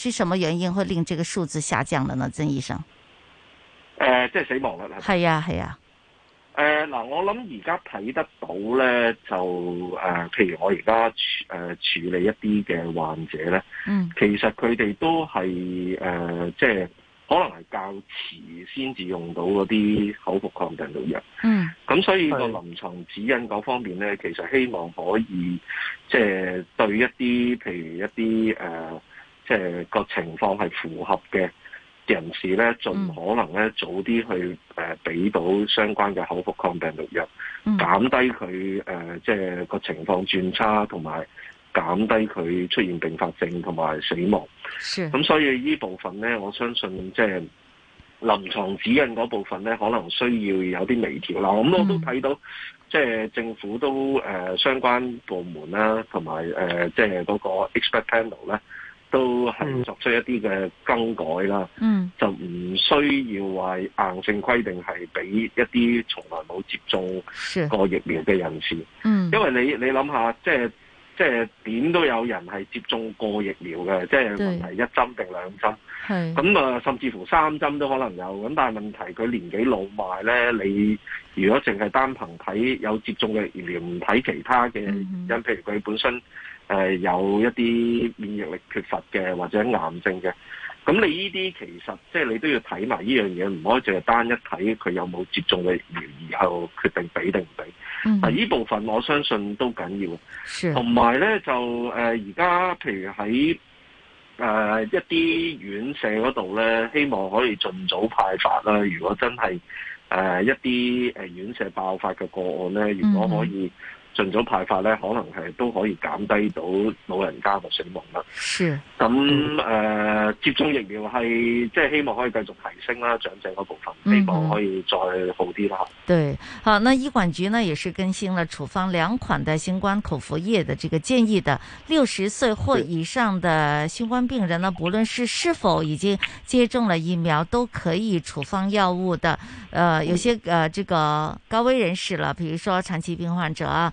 是什麼原因會令這個數字下降的呢？曾醫生，誒、呃，即係死亡率啦，係呀，係呀、啊。誒、啊，嗱、呃，我諗而家睇得到咧，就誒，譬、呃、如我而家誒處理一啲嘅患者咧，嗯，其實佢哋都係誒、呃，即係可能係較遲先至用到嗰啲口服抗病毒藥，嗯，咁所以個臨床指引嗰方面咧，嗯、其實希望可以即係對一啲譬如一啲誒。呃即係個情況係符合嘅人士咧，盡可能咧早啲去誒俾、嗯、到相關嘅口服抗病毒藥，嗯、減低佢誒即係個情況轉差，同埋減低佢出現併發症同埋死亡。咁是所以呢部分咧，我相信即係臨床指引嗰部分咧，可能需要有啲微調啦。咁、嗯、我都睇到即係、就是、政府都誒、呃、相關部門啦、啊，同埋誒即係嗰個 expert panel 咧。都係作出一啲嘅更改啦，嗯、就唔需要話硬性規定係俾一啲從來冇接種過疫苗嘅人士，嗯、因為你你諗下，即係即係點都有人係接種過疫苗嘅，對即係問題一針定兩針，咁啊是甚至乎三針都可能有，咁但係問題佢年紀老邁咧，你如果淨係單憑睇有接種嘅疫苗，唔睇其他嘅因、嗯、譬如佢本身。誒、呃、有一啲免疫力缺乏嘅或者癌症嘅，咁你呢啲其實即係你都要睇埋呢樣嘢，唔可以淨係單一睇佢有冇接種嘅，然後決定俾定唔俾。呢、嗯、部分我相信都緊要，同埋咧就誒而家譬如喺誒、呃、一啲院舍嗰度咧，希望可以盡早派發啦。如果真係誒、呃、一啲院舍爆發嘅個案咧，如果可以。盡早派發咧，可能係都可以減低到老人家嘅死亡啦。是。咁誒那、嗯呃，接種疫苗係即係希望可以繼續提升啦，長者嗰部分希望可以再好啲啦。嚇。對，好。那醫管局呢，也是更新了處方兩款的新冠口服液的這個建議的。六十歲或以上的新冠病人呢，無論是是否已經接種了疫苗，都可以處方藥物的。誒、呃，有些誒、呃，這個高危人士啦，譬如說長期病患者啊。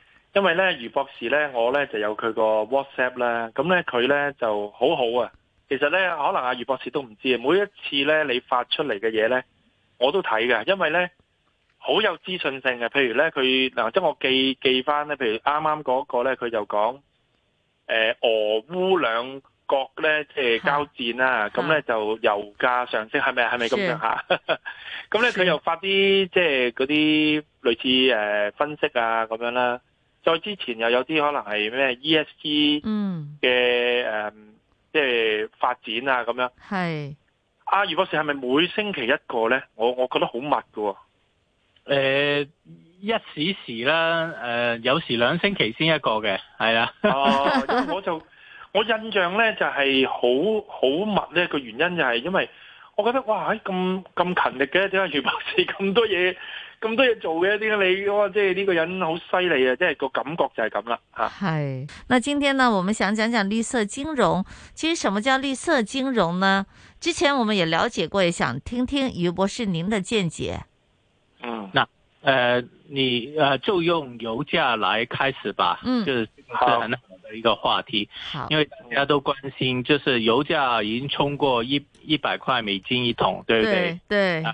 因為咧，余博士咧，我咧就有佢個 WhatsApp 啦。咁咧佢咧就好好啊。其實咧，可能阿余博士都唔知啊。每一次咧你發出嚟嘅嘢咧，我都睇嘅，因為咧好有資訊性嘅。譬如咧，佢嗱即係我記記翻咧，譬如啱啱嗰個咧，佢就講誒俄烏兩國咧即係交戰啦，咁咧就油價上升，係咪係咪咁樣吓？咁咧佢又發啲即係嗰啲類似誒分析啊咁樣啦。再之前又有啲可能係咩 ESG 嘅誒，即係、嗯嗯就是、發展啊咁樣。係阿是、啊、余博士係咪每星期一個咧？我我覺得好密㗎喎、哦呃。一時時啦，誒、呃，有時兩星期先一個嘅。係啊， 因為我就我印象咧就係好好密咧，個原因就係因為我覺得，哇咁咁勤力嘅，點解余博士咁多嘢？咁多嘢做嘅，呢個你哇，即係呢個人好犀利啊！即係個感覺就係咁啦，吓。係。那今天呢，我們想講講綠色金融。其實什麼叫綠色金融呢？之前我們也了解過，也想聽聽余博士您的見解。嗯，嗱，誒、呃，你，呃就用油價來開始吧。嗯。就是，這個很好的一個話題。好。因為大家都關心，就是油價已經衝過一一百塊美金一桶，對不對？對。對。